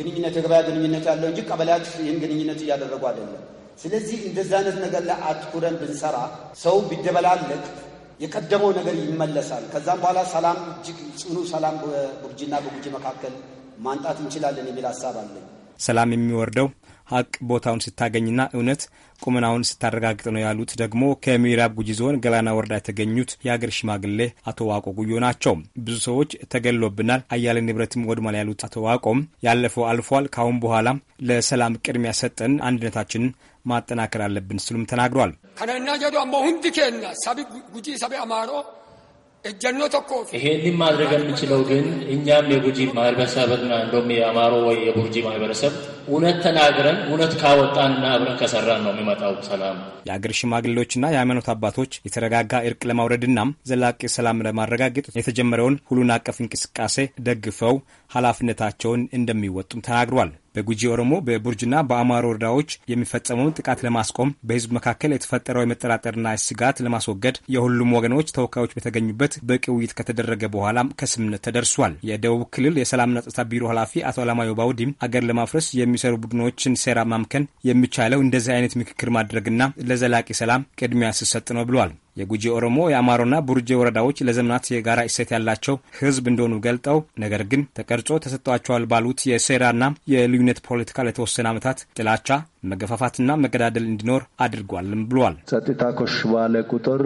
ግንኙነት የገበያ ግንኙነት ያለው እንጂ ቀበሌያት ይህን ግንኙነት እያደረጉ አይደለም። ስለዚህ እንደዚህ አይነት ነገር ላይ አትኩረን ብንሰራ ሰው ቢደበላለቅ የቀደመው ነገር ይመለሳል። ከዛም በኋላ ሰላም እጅግ ጽኑ ሰላም በጉጂና በጉጂ መካከል ማንጣት እንችላለን የሚል ሀሳብ አለኝ። ሰላም የሚወርደው ሀቅ ቦታውን ስታገኝና እውነት ቁመናውን ስታረጋግጥ ነው ያሉት ደግሞ ከምዕራብ ጉጂ ዞን ገላና ወረዳ የተገኙት የአገር ሽማግሌ አቶ ዋቆ ጉዮ ናቸው። ብዙ ሰዎች ተገሎብናል፣ አያሌ ንብረትም ወድሟል ያሉት አቶ ዋቆም ያለፈው አልፏል፣ ካሁን በኋላ ለሰላም ቅድሚያ ሰጠን አንድነታችንን ማጠናከር አለብን ስሉም ተናግሯል። ከነና ጀዶ አሞ ሁንድ ኬና ሳቢ ጉጂ ሳቢ አማሮ እጀኖ ተኮ ይሄንን ማድረግ የምንችለው ግን እኛም የጉጂ ማህበረሰብና እንደም የአማሮ ወይ የቡርጂ ማህበረሰብ እውነት ተናግረን እውነት ካወጣንና አብረን ከሰራን ነው የሚመጣው ሰላም። የአገር ሽማግሌዎችና የሃይማኖት አባቶች የተረጋጋ እርቅ ለማውረድና ዘላቂ ሰላም ለማረጋገጥ የተጀመረውን ሁሉን አቀፍ እንቅስቃሴ ደግፈው ኃላፊነታቸውን እንደሚወጡም ተናግሯል። በጉጂ ኦሮሞ በቡርጅና በአማሮ ወረዳዎች የሚፈጸመውን ጥቃት ለማስቆም በህዝብ መካከል የተፈጠረው የመጠራጠርና ስጋት ለማስወገድ የሁሉም ወገኖች ተወካዮች በተገኙበት በቂ ውይይት ከተደረገ በኋላም ከስምነት ተደርሷል። የደቡብ ክልል የሰላምና ጸጥታ ቢሮ ኃላፊ አቶ አላማዮ ባውዲም አገር ለማፍረስ የሚሰሩ ቡድኖችን ሴራ ማምከን የሚቻለው እንደዚህ አይነት ምክክር ማድረግና ለዘላቂ ሰላም ቅድሚያ ስሰጥ ነው ብሏል። የጉጂ ኦሮሞ፣ የአማሮና ቡርጄ ወረዳዎች ለዘመናት የጋራ እሴት ያላቸው ህዝብ እንደሆኑ ገልጠው ነገር ግን ተቀርጾ ተሰጥቷቸዋል ባሉት የሴራና የልዩነት ፖለቲካ ለተወሰነ ዓመታት ጥላቻ፣ መገፋፋትና መገዳደል እንዲኖር አድርጓልም ብሏል። ጸጥታ ኮሽ ባለ ቁጥር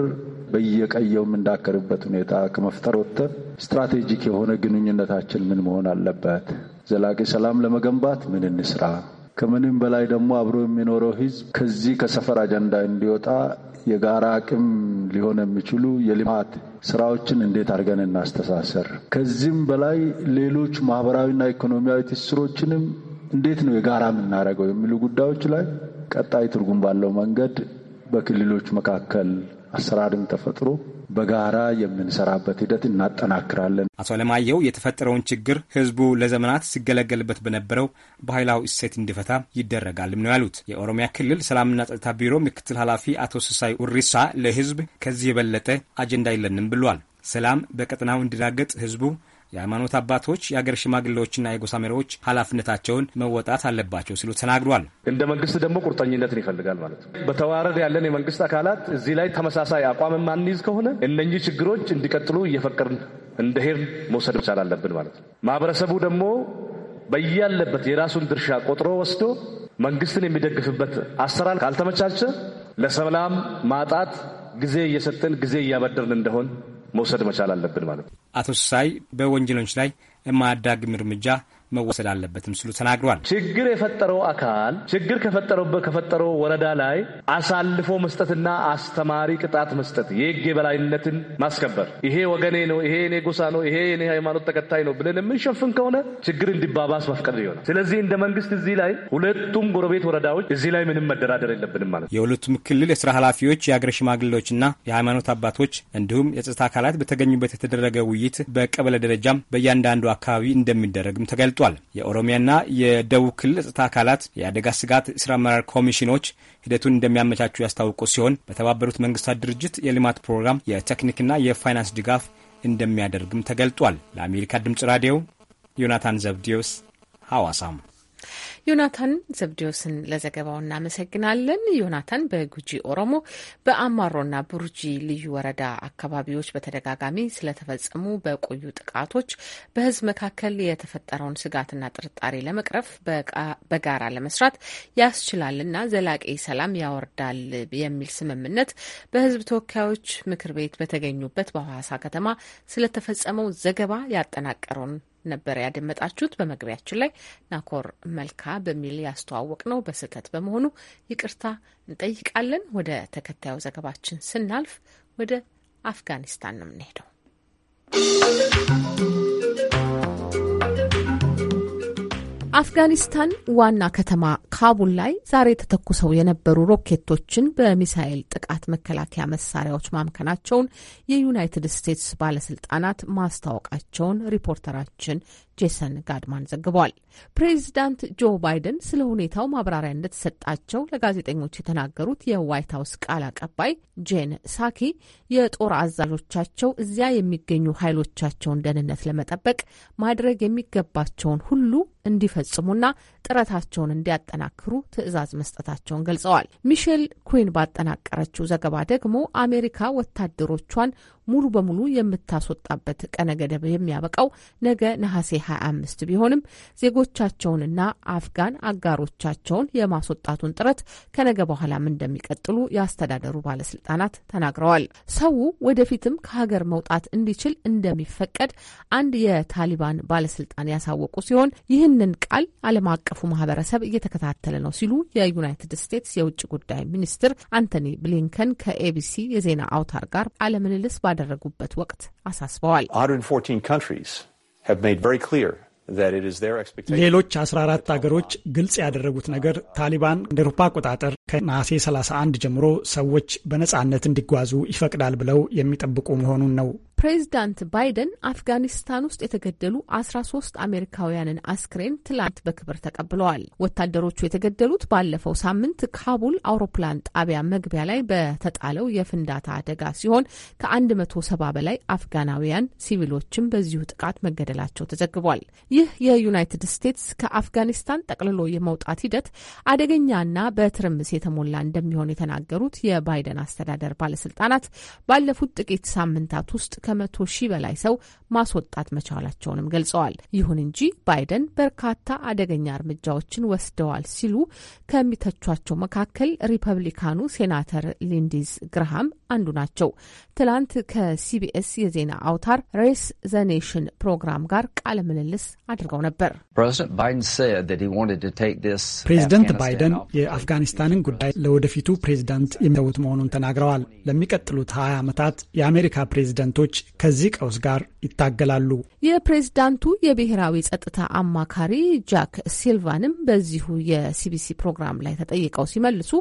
በየቀየው የምንዳከርበት ሁኔታ ከመፍጠር ወጥተን ስትራቴጂክ የሆነ ግንኙነታችን ምን መሆን አለበት፣ ዘላቂ ሰላም ለመገንባት ምን እንስራ ከምንም በላይ ደግሞ አብሮ የሚኖረው ህዝብ ከዚህ ከሰፈር አጀንዳ እንዲወጣ የጋራ አቅም ሊሆን የሚችሉ የልማት ስራዎችን እንዴት አድርገን እናስተሳሰር፣ ከዚህም በላይ ሌሎች ማህበራዊና ኢኮኖሚያዊ ትስስሮችንም እንዴት ነው የጋራ የምናደርገው የሚሉ ጉዳዮች ላይ ቀጣይ ትርጉም ባለው መንገድ በክልሎች መካከል አሰራርም ተፈጥሮ በጋራ የምንሰራበት ሂደት እናጠናክራለን። አቶ አለማየሁ የተፈጠረውን ችግር ህዝቡ ለዘመናት ሲገለገልበት በነበረው ባህላዊ እሴት እንዲፈታ ይደረጋልም ነው ያሉት። የኦሮሚያ ክልል ሰላምና ጸጥታ ቢሮ ምክትል ኃላፊ አቶ ስሳይ ኡሪሳ ለህዝብ ከዚህ የበለጠ አጀንዳ የለንም ብሏል። ሰላም በቀጠናው እንዲራገጥ ህዝቡ የሃይማኖት አባቶች፣ የአገር ሽማግሌዎችና የጎሳ መሪዎች ኃላፊነታቸውን መወጣት አለባቸው ሲሉ ተናግሯል። እንደ መንግስት ደግሞ ቁርጠኝነትን ይፈልጋል ማለት ነው። በተዋረድ ያለን የመንግስት አካላት እዚህ ላይ ተመሳሳይ አቋም ማንይዝ ከሆነ እነኚህ ችግሮች እንዲቀጥሉ እየፈቀርን እንደ ሄር መውሰድ መቻል አለብን ማለት ነው። ማህበረሰቡ ደግሞ በያለበት የራሱን ድርሻ ቆጥሮ ወስዶ መንግስትን የሚደግፍበት አሰራር ካልተመቻቸ ለሰላም ማጣት ጊዜ እየሰጠን ጊዜ እያበደርን እንደሆን መውሰድ መቻል አለብን ማለት ነው። አቶ ሲሳይ በወንጀሎች ላይ የማያዳግም እርምጃ መወሰድ አለበትም ሲሉ ተናግሯል። ችግር የፈጠረው አካል ችግር ከፈጠረው ከፈጠረው ወረዳ ላይ አሳልፎ መስጠትና አስተማሪ ቅጣት መስጠት የህግ የበላይነትን ማስከበር ይሄ ወገኔ ነው፣ ይሄ የኔ ጎሳ ነው፣ ይሄ የኔ ሃይማኖት ተከታይ ነው ብለን የምንሸፍን ከሆነ ችግር እንዲባባስ መፍቀድ ይሆናል። ስለዚህ እንደ መንግስት እዚህ ላይ ሁለቱም ጎረቤት ወረዳዎች እዚህ ላይ ምንም መደራደር የለብንም ማለት ነው። የሁለቱም ክልል የስራ ኃላፊዎች፣ የአገር ሽማግሌዎችና የሃይማኖት አባቶች እንዲሁም የጸጥታ አካላት በተገኙበት የተደረገ ውይይት በቀበሌ ደረጃም በእያንዳንዱ አካባቢ እንደሚደረግም ተገልጧል። ገልጧል። የኦሮሚያና የደቡብ ክልል ጸጥታ አካላት የአደጋ ስጋት ስራ አመራር ኮሚሽኖች ሂደቱን እንደሚያመቻቹ ያስታወቁ ሲሆን በተባበሩት መንግስታት ድርጅት የልማት ፕሮግራም የቴክኒክና የፋይናንስ ድጋፍ እንደሚያደርግም ተገልጧል። ለአሜሪካ ድምጽ ራዲዮ ዮናታን ዘብዲዮስ ሐዋሳም ዮናታን ዘብዲዮስን ለዘገባው እናመሰግናለን። ዮናታን በጉጂ ኦሮሞ በአማሮና ቡርጂ ልዩ ወረዳ አካባቢዎች በተደጋጋሚ ስለተፈጸሙ በቆዩ ጥቃቶች በህዝብ መካከል የተፈጠረውን ስጋትና ጥርጣሬ ለመቅረፍ በጋራ ለመስራት ያስችላልና ዘላቂ ሰላም ያወርዳል የሚል ስምምነት በህዝብ ተወካዮች ምክር ቤት በተገኙበት በሐዋሳ ከተማ ስለተፈጸመው ዘገባ ያጠናቀረውን ነበረ ያደመጣችሁት። በመግቢያችን ላይ ናኮር መልካ በሚል ያስተዋወቅ ነው በስህተት በመሆኑ ይቅርታ እንጠይቃለን። ወደ ተከታዩ ዘገባችን ስናልፍ ወደ አፍጋኒስታን ነው የምንሄደው። አፍጋኒስታን ዋና ከተማ ካቡል ላይ ዛሬ ተተኩሰው የነበሩ ሮኬቶችን በሚሳኤል ጥቃት መከላከያ መሳሪያዎች ማምከናቸውን የዩናይትድ ስቴትስ ባለስልጣናት ማስታወቃቸውን ሪፖርተራችን ጄሰን ጋድማን ዘግቧል። ፕሬዚዳንት ጆ ባይደን ስለ ሁኔታው ማብራሪያ እንደተሰጣቸው ለጋዜጠኞች የተናገሩት የዋይት ሀውስ ቃል አቀባይ ጄን ሳኪ የጦር አዛዦቻቸው እዚያ የሚገኙ ኃይሎቻቸውን ደህንነት ለመጠበቅ ማድረግ የሚገባቸውን ሁሉ እንዲፈጽሙና ጥረታቸውን እንዲያጠናክሩ ትዕዛዝ መስጠታቸውን ገልጸዋል። ሚሼል ኩዊን ባጠናቀረችው ዘገባ ደግሞ አሜሪካ ወታደሮቿን ሙሉ በሙሉ የምታስወጣበት ቀነ ገደብ የሚያበቃው ነገ ነሐሴ 25 ቢሆንም ዜጎቻቸውንና አፍጋን አጋሮቻቸውን የማስወጣቱን ጥረት ከነገ በኋላም እንደሚቀጥሉ የአስተዳደሩ ባለስልጣናት ተናግረዋል። ሰው ወደፊትም ከሀገር መውጣት እንዲችል እንደሚፈቀድ አንድ የታሊባን ባለስልጣን ያሳወቁ ሲሆን ይህንን ቃል ዓለም አቀፉ ማህበረሰብ እየተከታተለ ነው ሲሉ የዩናይትድ ስቴትስ የውጭ ጉዳይ ሚኒስትር አንቶኒ ብሊንከን ከኤቢሲ የዜና አውታር ጋር ቃለ ምልልስ ባደረጉበት ወቅት አሳስበዋል። ሌሎች 14 አገሮች ግልጽ ያደረጉት ነገር ታሊባን እንደ አውሮፓ አቆጣጠር ከነሐሴ 31 ጀምሮ ሰዎች በነጻነት እንዲጓዙ ይፈቅዳል ብለው የሚጠብቁ መሆኑን ነው። ፕሬዚዳንት ባይደን አፍጋኒስታን ውስጥ የተገደሉ አስራ ሶስት አሜሪካውያንን አስክሬን ትላንት በክብር ተቀብለዋል። ወታደሮቹ የተገደሉት ባለፈው ሳምንት ካቡል አውሮፕላን ጣቢያ መግቢያ ላይ በተጣለው የፍንዳታ አደጋ ሲሆን ከአንድ መቶ ሰባ በላይ አፍጋናውያን ሲቪሎችም በዚሁ ጥቃት መገደላቸው ተዘግቧል። ይህ የዩናይትድ ስቴትስ ከአፍጋኒስታን ጠቅልሎ የመውጣት ሂደት አደገኛና በትርምስ የተሞላ እንደሚሆን የተናገሩት የባይደን አስተዳደር ባለስልጣናት ባለፉት ጥቂት ሳምንታት ውስጥ ከመቶ ሺህ በላይ ሰው ማስወጣት መቻላቸውንም ገልጸዋል። ይሁን እንጂ ባይደን በርካታ አደገኛ እርምጃዎችን ወስደዋል ሲሉ ከሚተቿቸው መካከል ሪፐብሊካኑ ሴናተር ሊንዲዝ ግርሃም አንዱ ናቸው። ትላንት ከሲቢኤስ የዜና አውታር ሬስ ዘ ኔሽን ፕሮግራም ጋር ቃለ ምልልስ አድርገው ነበር። ፕሬዚደንት ባይደን የአፍጋኒስታንን ጉዳይ ለወደፊቱ ፕሬዚዳንት የሚተዉት መሆኑን ተናግረዋል። ለሚቀጥሉት 20 ዓመታት የአሜሪካ ፕሬዚደንቶች ከዚህ ቀውስ ጋር ይታገላሉ። የፕሬዝዳንቱ የብሔራዊ ጸጥታ አማካሪ ጃክ ሲልቫንም በዚሁ የሲቢሲ ፕሮግራም ላይ ተጠይቀው ሲመልሱ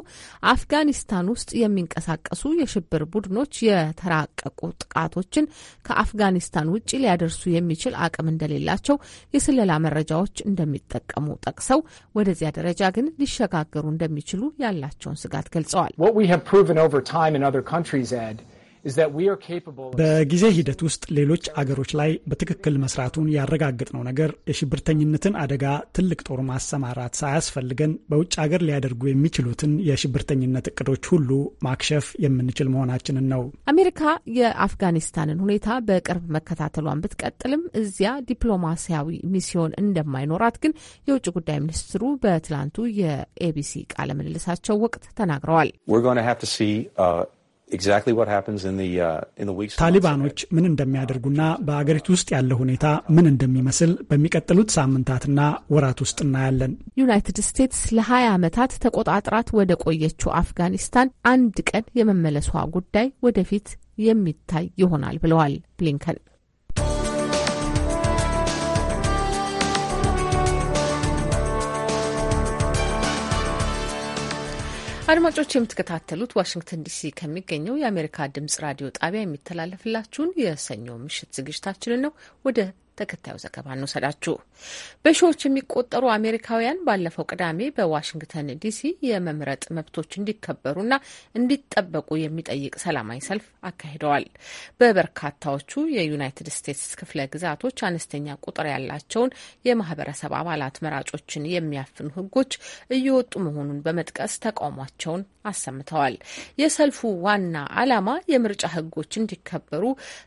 አፍጋኒስታን ውስጥ የሚንቀሳቀሱ የሽብር ቡድኖች የተራቀቁ ጥቃቶችን ከአፍጋኒስታን ውጭ ሊያደርሱ የሚችል አቅም እንደሌላቸው የስለላ መረጃዎች እንደሚጠቀሙ ጠቅሰው ወደዚያ ደረጃ ግን ሊሸጋገሩ እንደሚችሉ ያላቸውን ስጋት ገልጸዋል። በጊዜ ሂደት ውስጥ ሌሎች አገሮች ላይ በትክክል መስራቱን ያረጋገጥነው ነገር የሽብርተኝነትን አደጋ ትልቅ ጦር ማሰማራት ሳያስፈልገን በውጭ አገር ሊያደርጉ የሚችሉትን የሽብርተኝነት እቅዶች ሁሉ ማክሸፍ የምንችል መሆናችንን ነው። አሜሪካ የአፍጋኒስታንን ሁኔታ በቅርብ መከታተሏን ብትቀጥልም እዚያ ዲፕሎማሲያዊ ሚስዮን እንደማይኖራት ግን የውጭ ጉዳይ ሚኒስትሩ በትላንቱ የኤቢሲ ቃለ ምልልሳቸው ወቅት ተናግረዋል። Uh, ታሊባኖች ምን እንደሚያደርጉና በአገሪቱ ውስጥ ያለው ሁኔታ ምን እንደሚመስል በሚቀጥሉት ሳምንታትና ወራት ውስጥ እናያለን። ዩናይትድ ስቴትስ ለ20 ዓመታት ተቆጣጥራት ወደ ቆየችው አፍጋኒስታን አንድ ቀን የመመለሷ ጉዳይ ወደፊት የሚታይ ይሆናል ብለዋል ብሊንከን። አድማጮች የምትከታተሉት ዋሽንግተን ዲሲ ከሚገኘው የአሜሪካ ድምጽ ራዲዮ ጣቢያ የሚተላለፍላችሁን የሰኞ ምሽት ዝግጅታችንን ነው። ወደ ተከታዩ ዘገባ እንውሰዳችሁ። በሺዎች የሚቆጠሩ አሜሪካውያን ባለፈው ቅዳሜ በዋሽንግተን ዲሲ የመምረጥ መብቶች እንዲከበሩና እንዲጠበቁ የሚጠይቅ ሰላማዊ ሰልፍ አካሂደዋል። በበርካታዎቹ የዩናይትድ ስቴትስ ክፍለ ግዛቶች አነስተኛ ቁጥር ያላቸውን የማህበረሰብ አባላት መራጮችን የሚያፍኑ ሕጎች እየወጡ መሆኑን በመጥቀስ ተቃውሟቸውን አሰምተዋል። የሰልፉ ዋና ዓላማ የምርጫ ሕጎች እንዲከበሩ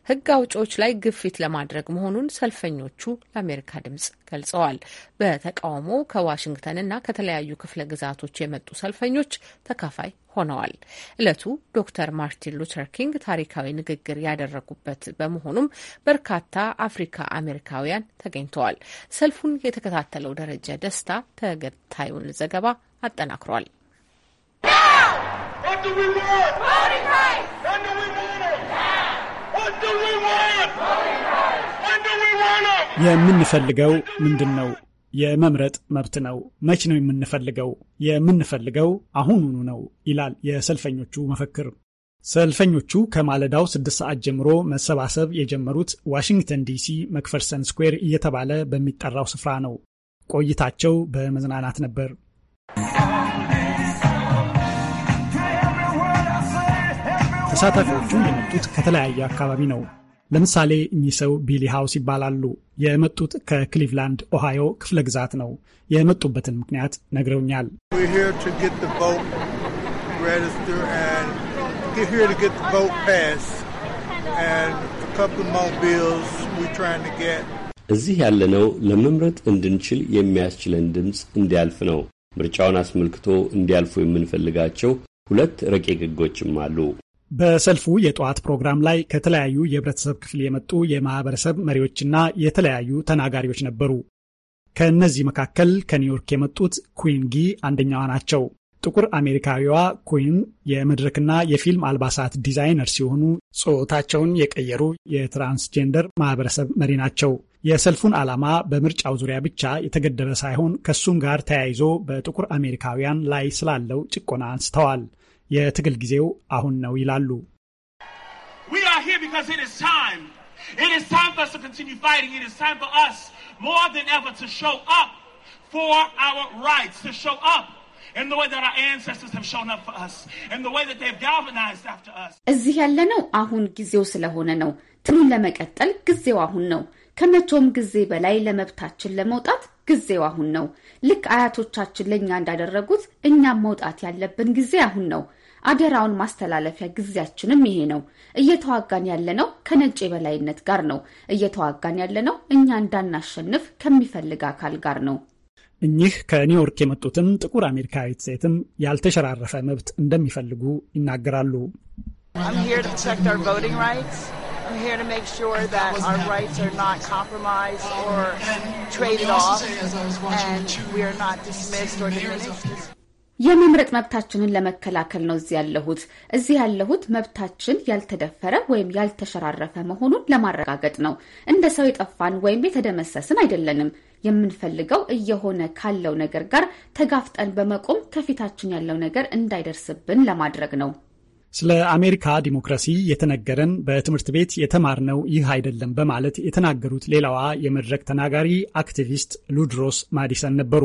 ህግ አውጪዎች ላይ ግፊት ለማድረግ መሆኑን ሰልፍ ሰልፈኞቹ ለአሜሪካ ድምጽ ገልጸዋል። በተቃውሞ ከዋሽንግተንና ከተለያዩ ክፍለ ግዛቶች የመጡ ሰልፈኞች ተካፋይ ሆነዋል። እለቱ ዶክተር ማርቲን ሉተር ኪንግ ታሪካዊ ንግግር ያደረጉበት በመሆኑም በርካታ አፍሪካ አሜሪካውያን ተገኝተዋል። ሰልፉን የተከታተለው ደረጀ ደስታ ተገታዩን ዘገባ አጠናክሯል። What do we want? የምንፈልገው ምንድን ነው? የመምረጥ መብት ነው። መች ነው የምንፈልገው? የምንፈልገው አሁኑኑ ነው ይላል የሰልፈኞቹ መፈክር። ሰልፈኞቹ ከማለዳው ስድስት ሰዓት ጀምሮ መሰባሰብ የጀመሩት ዋሽንግተን ዲሲ መክፈርሰን ስኩዌር እየተባለ በሚጠራው ስፍራ ነው። ቆይታቸው በመዝናናት ነበር። ተሳታፊዎቹ የመጡት ከተለያየ አካባቢ ነው። ለምሳሌ እኚህ ሰው ቢሊ ሃውስ ይባላሉ። የመጡት ከክሊቭላንድ ኦሃዮ ክፍለ ግዛት ነው። የመጡበትን ምክንያት ነግረውኛል። እዚህ ያለነው ለመምረጥ እንድንችል የሚያስችለን ድምፅ እንዲያልፍ ነው። ምርጫውን አስመልክቶ እንዲያልፉ የምንፈልጋቸው ሁለት ረቂቅ ሕጎችም አሉ። በሰልፉ የጠዋት ፕሮግራም ላይ ከተለያዩ የህብረተሰብ ክፍል የመጡ የማህበረሰብ መሪዎችና የተለያዩ ተናጋሪዎች ነበሩ። ከእነዚህ መካከል ከኒውዮርክ የመጡት ኩዊን ጊ አንደኛዋ ናቸው። ጥቁር አሜሪካዊዋ ኩዊን የመድረክና የፊልም አልባሳት ዲዛይነር ሲሆኑ ጾታቸውን የቀየሩ የትራንስጀንደር ማህበረሰብ መሪ ናቸው። የሰልፉን ዓላማ በምርጫው ዙሪያ ብቻ የተገደበ ሳይሆን ከእሱም ጋር ተያይዞ በጥቁር አሜሪካውያን ላይ ስላለው ጭቆና አንስተዋል። የትግል ጊዜው አሁን ነው ይላሉ። እዚህ ያለነው አሁን ጊዜው ስለሆነ ነው። ትሉን ለመቀጠል ጊዜው አሁን ነው። ከመቼውም ጊዜ በላይ ለመብታችን ለመውጣት ጊዜው አሁን ነው። ልክ አያቶቻችን ለእኛ እንዳደረጉት እኛም መውጣት ያለብን ጊዜ አሁን ነው። አደራውን ማስተላለፊያ ጊዜያችንም ይሄ ነው። እየተዋጋን ያለነው ከነጭ የበላይነት ጋር ነው። እየተዋጋን ያለነው እኛ እንዳናሸንፍ ከሚፈልግ አካል ጋር ነው። እኚህ ከኒውዮርክ የመጡትም ጥቁር አሜሪካዊት ሴትም ያልተሸራረፈ መብት እንደሚፈልጉ ይናገራሉ። የመምረጥ መብታችንን ለመከላከል ነው እዚህ ያለሁት። እዚህ ያለሁት መብታችን ያልተደፈረ ወይም ያልተሸራረፈ መሆኑን ለማረጋገጥ ነው። እንደ ሰው የጠፋን ወይም የተደመሰስን አይደለንም። የምንፈልገው እየሆነ ካለው ነገር ጋር ተጋፍጠን በመቆም ከፊታችን ያለው ነገር እንዳይደርስብን ለማድረግ ነው። ስለ አሜሪካ ዲሞክራሲ የተነገረን በትምህርት ቤት የተማርነው ይህ አይደለም በማለት የተናገሩት ሌላዋ የመድረክ ተናጋሪ አክቲቪስት ሉድሮስ ማዲሰን ነበሩ።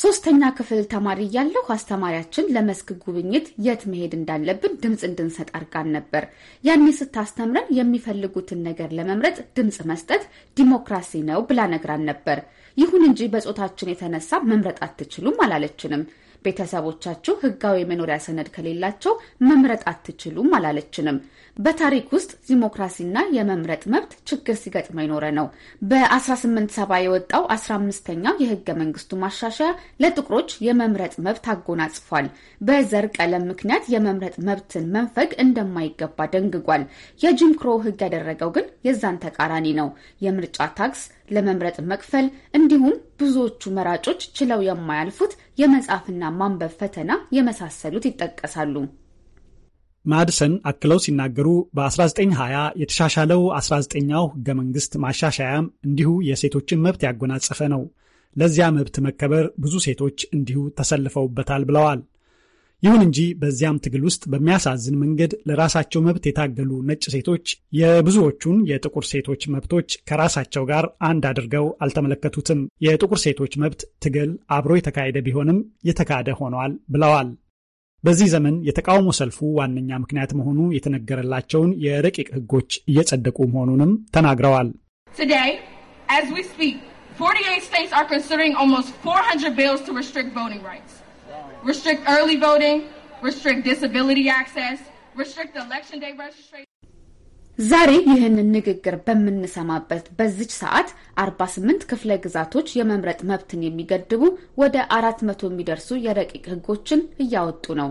ሶስተኛ ክፍል ተማሪ እያለሁ አስተማሪያችን ለመስክ ጉብኝት የት መሄድ እንዳለብን ድምፅ እንድንሰጥ አድርጋን ነበር። ያኔ ስታስተምረን የሚፈልጉትን ነገር ለመምረጥ ድምፅ መስጠት ዲሞክራሲ ነው ብላ ነግራን ነበር። ይሁን እንጂ በጾታችን የተነሳ መምረጥ አትችሉም አላለችንም። ቤተሰቦቻችሁ ሕጋዊ መኖሪያ ሰነድ ከሌላቸው መምረጥ አትችሉም አላለችንም። በታሪክ ውስጥ ዲሞክራሲና የመምረጥ መብት ችግር ሲገጥመ የኖረ ነው። በ1870 የወጣው 15ኛው የህገ መንግስቱ ማሻሻያ ለጥቁሮች የመምረጥ መብት አጎናጽፏል። በዘር ቀለም ምክንያት የመምረጥ መብትን መንፈግ እንደማይገባ ደንግጓል። የጂም ክሮ ህግ ያደረገው ግን የዛን ተቃራኒ ነው። የምርጫ ታክስ ለመምረጥ መክፈል እንዲሁም ብዙዎቹ መራጮች ችለው የማያልፉት የመጻፍና ማንበብ ፈተና የመሳሰሉት ይጠቀሳሉ። ማድሰን አክለው ሲናገሩ በ1920 የተሻሻለው 19ኛው ህገ መንግስት ማሻሻያም እንዲሁ የሴቶችን መብት ያጎናጸፈ ነው። ለዚያ መብት መከበር ብዙ ሴቶች እንዲሁ ተሰልፈውበታል ብለዋል። ይሁን እንጂ በዚያም ትግል ውስጥ በሚያሳዝን መንገድ ለራሳቸው መብት የታገሉ ነጭ ሴቶች የብዙዎቹን የጥቁር ሴቶች መብቶች ከራሳቸው ጋር አንድ አድርገው አልተመለከቱትም። የጥቁር ሴቶች መብት ትግል አብሮ የተካሄደ ቢሆንም የተካደ ሆኗል ብለዋል። በዚህ ዘመን የተቃውሞ ሰልፉ ዋነኛ ምክንያት መሆኑ የተነገረላቸውን የረቂቅ ህጎች እየጸደቁ መሆኑንም ተናግረዋል። ዛሬ ይህንን ንግግር በምንሰማበት በዚች ሰዓት 48 ክፍለ ግዛቶች የመምረጥ መብትን የሚገድቡ ወደ 400 የሚደርሱ የረቂቅ ህጎችን እያወጡ ነው።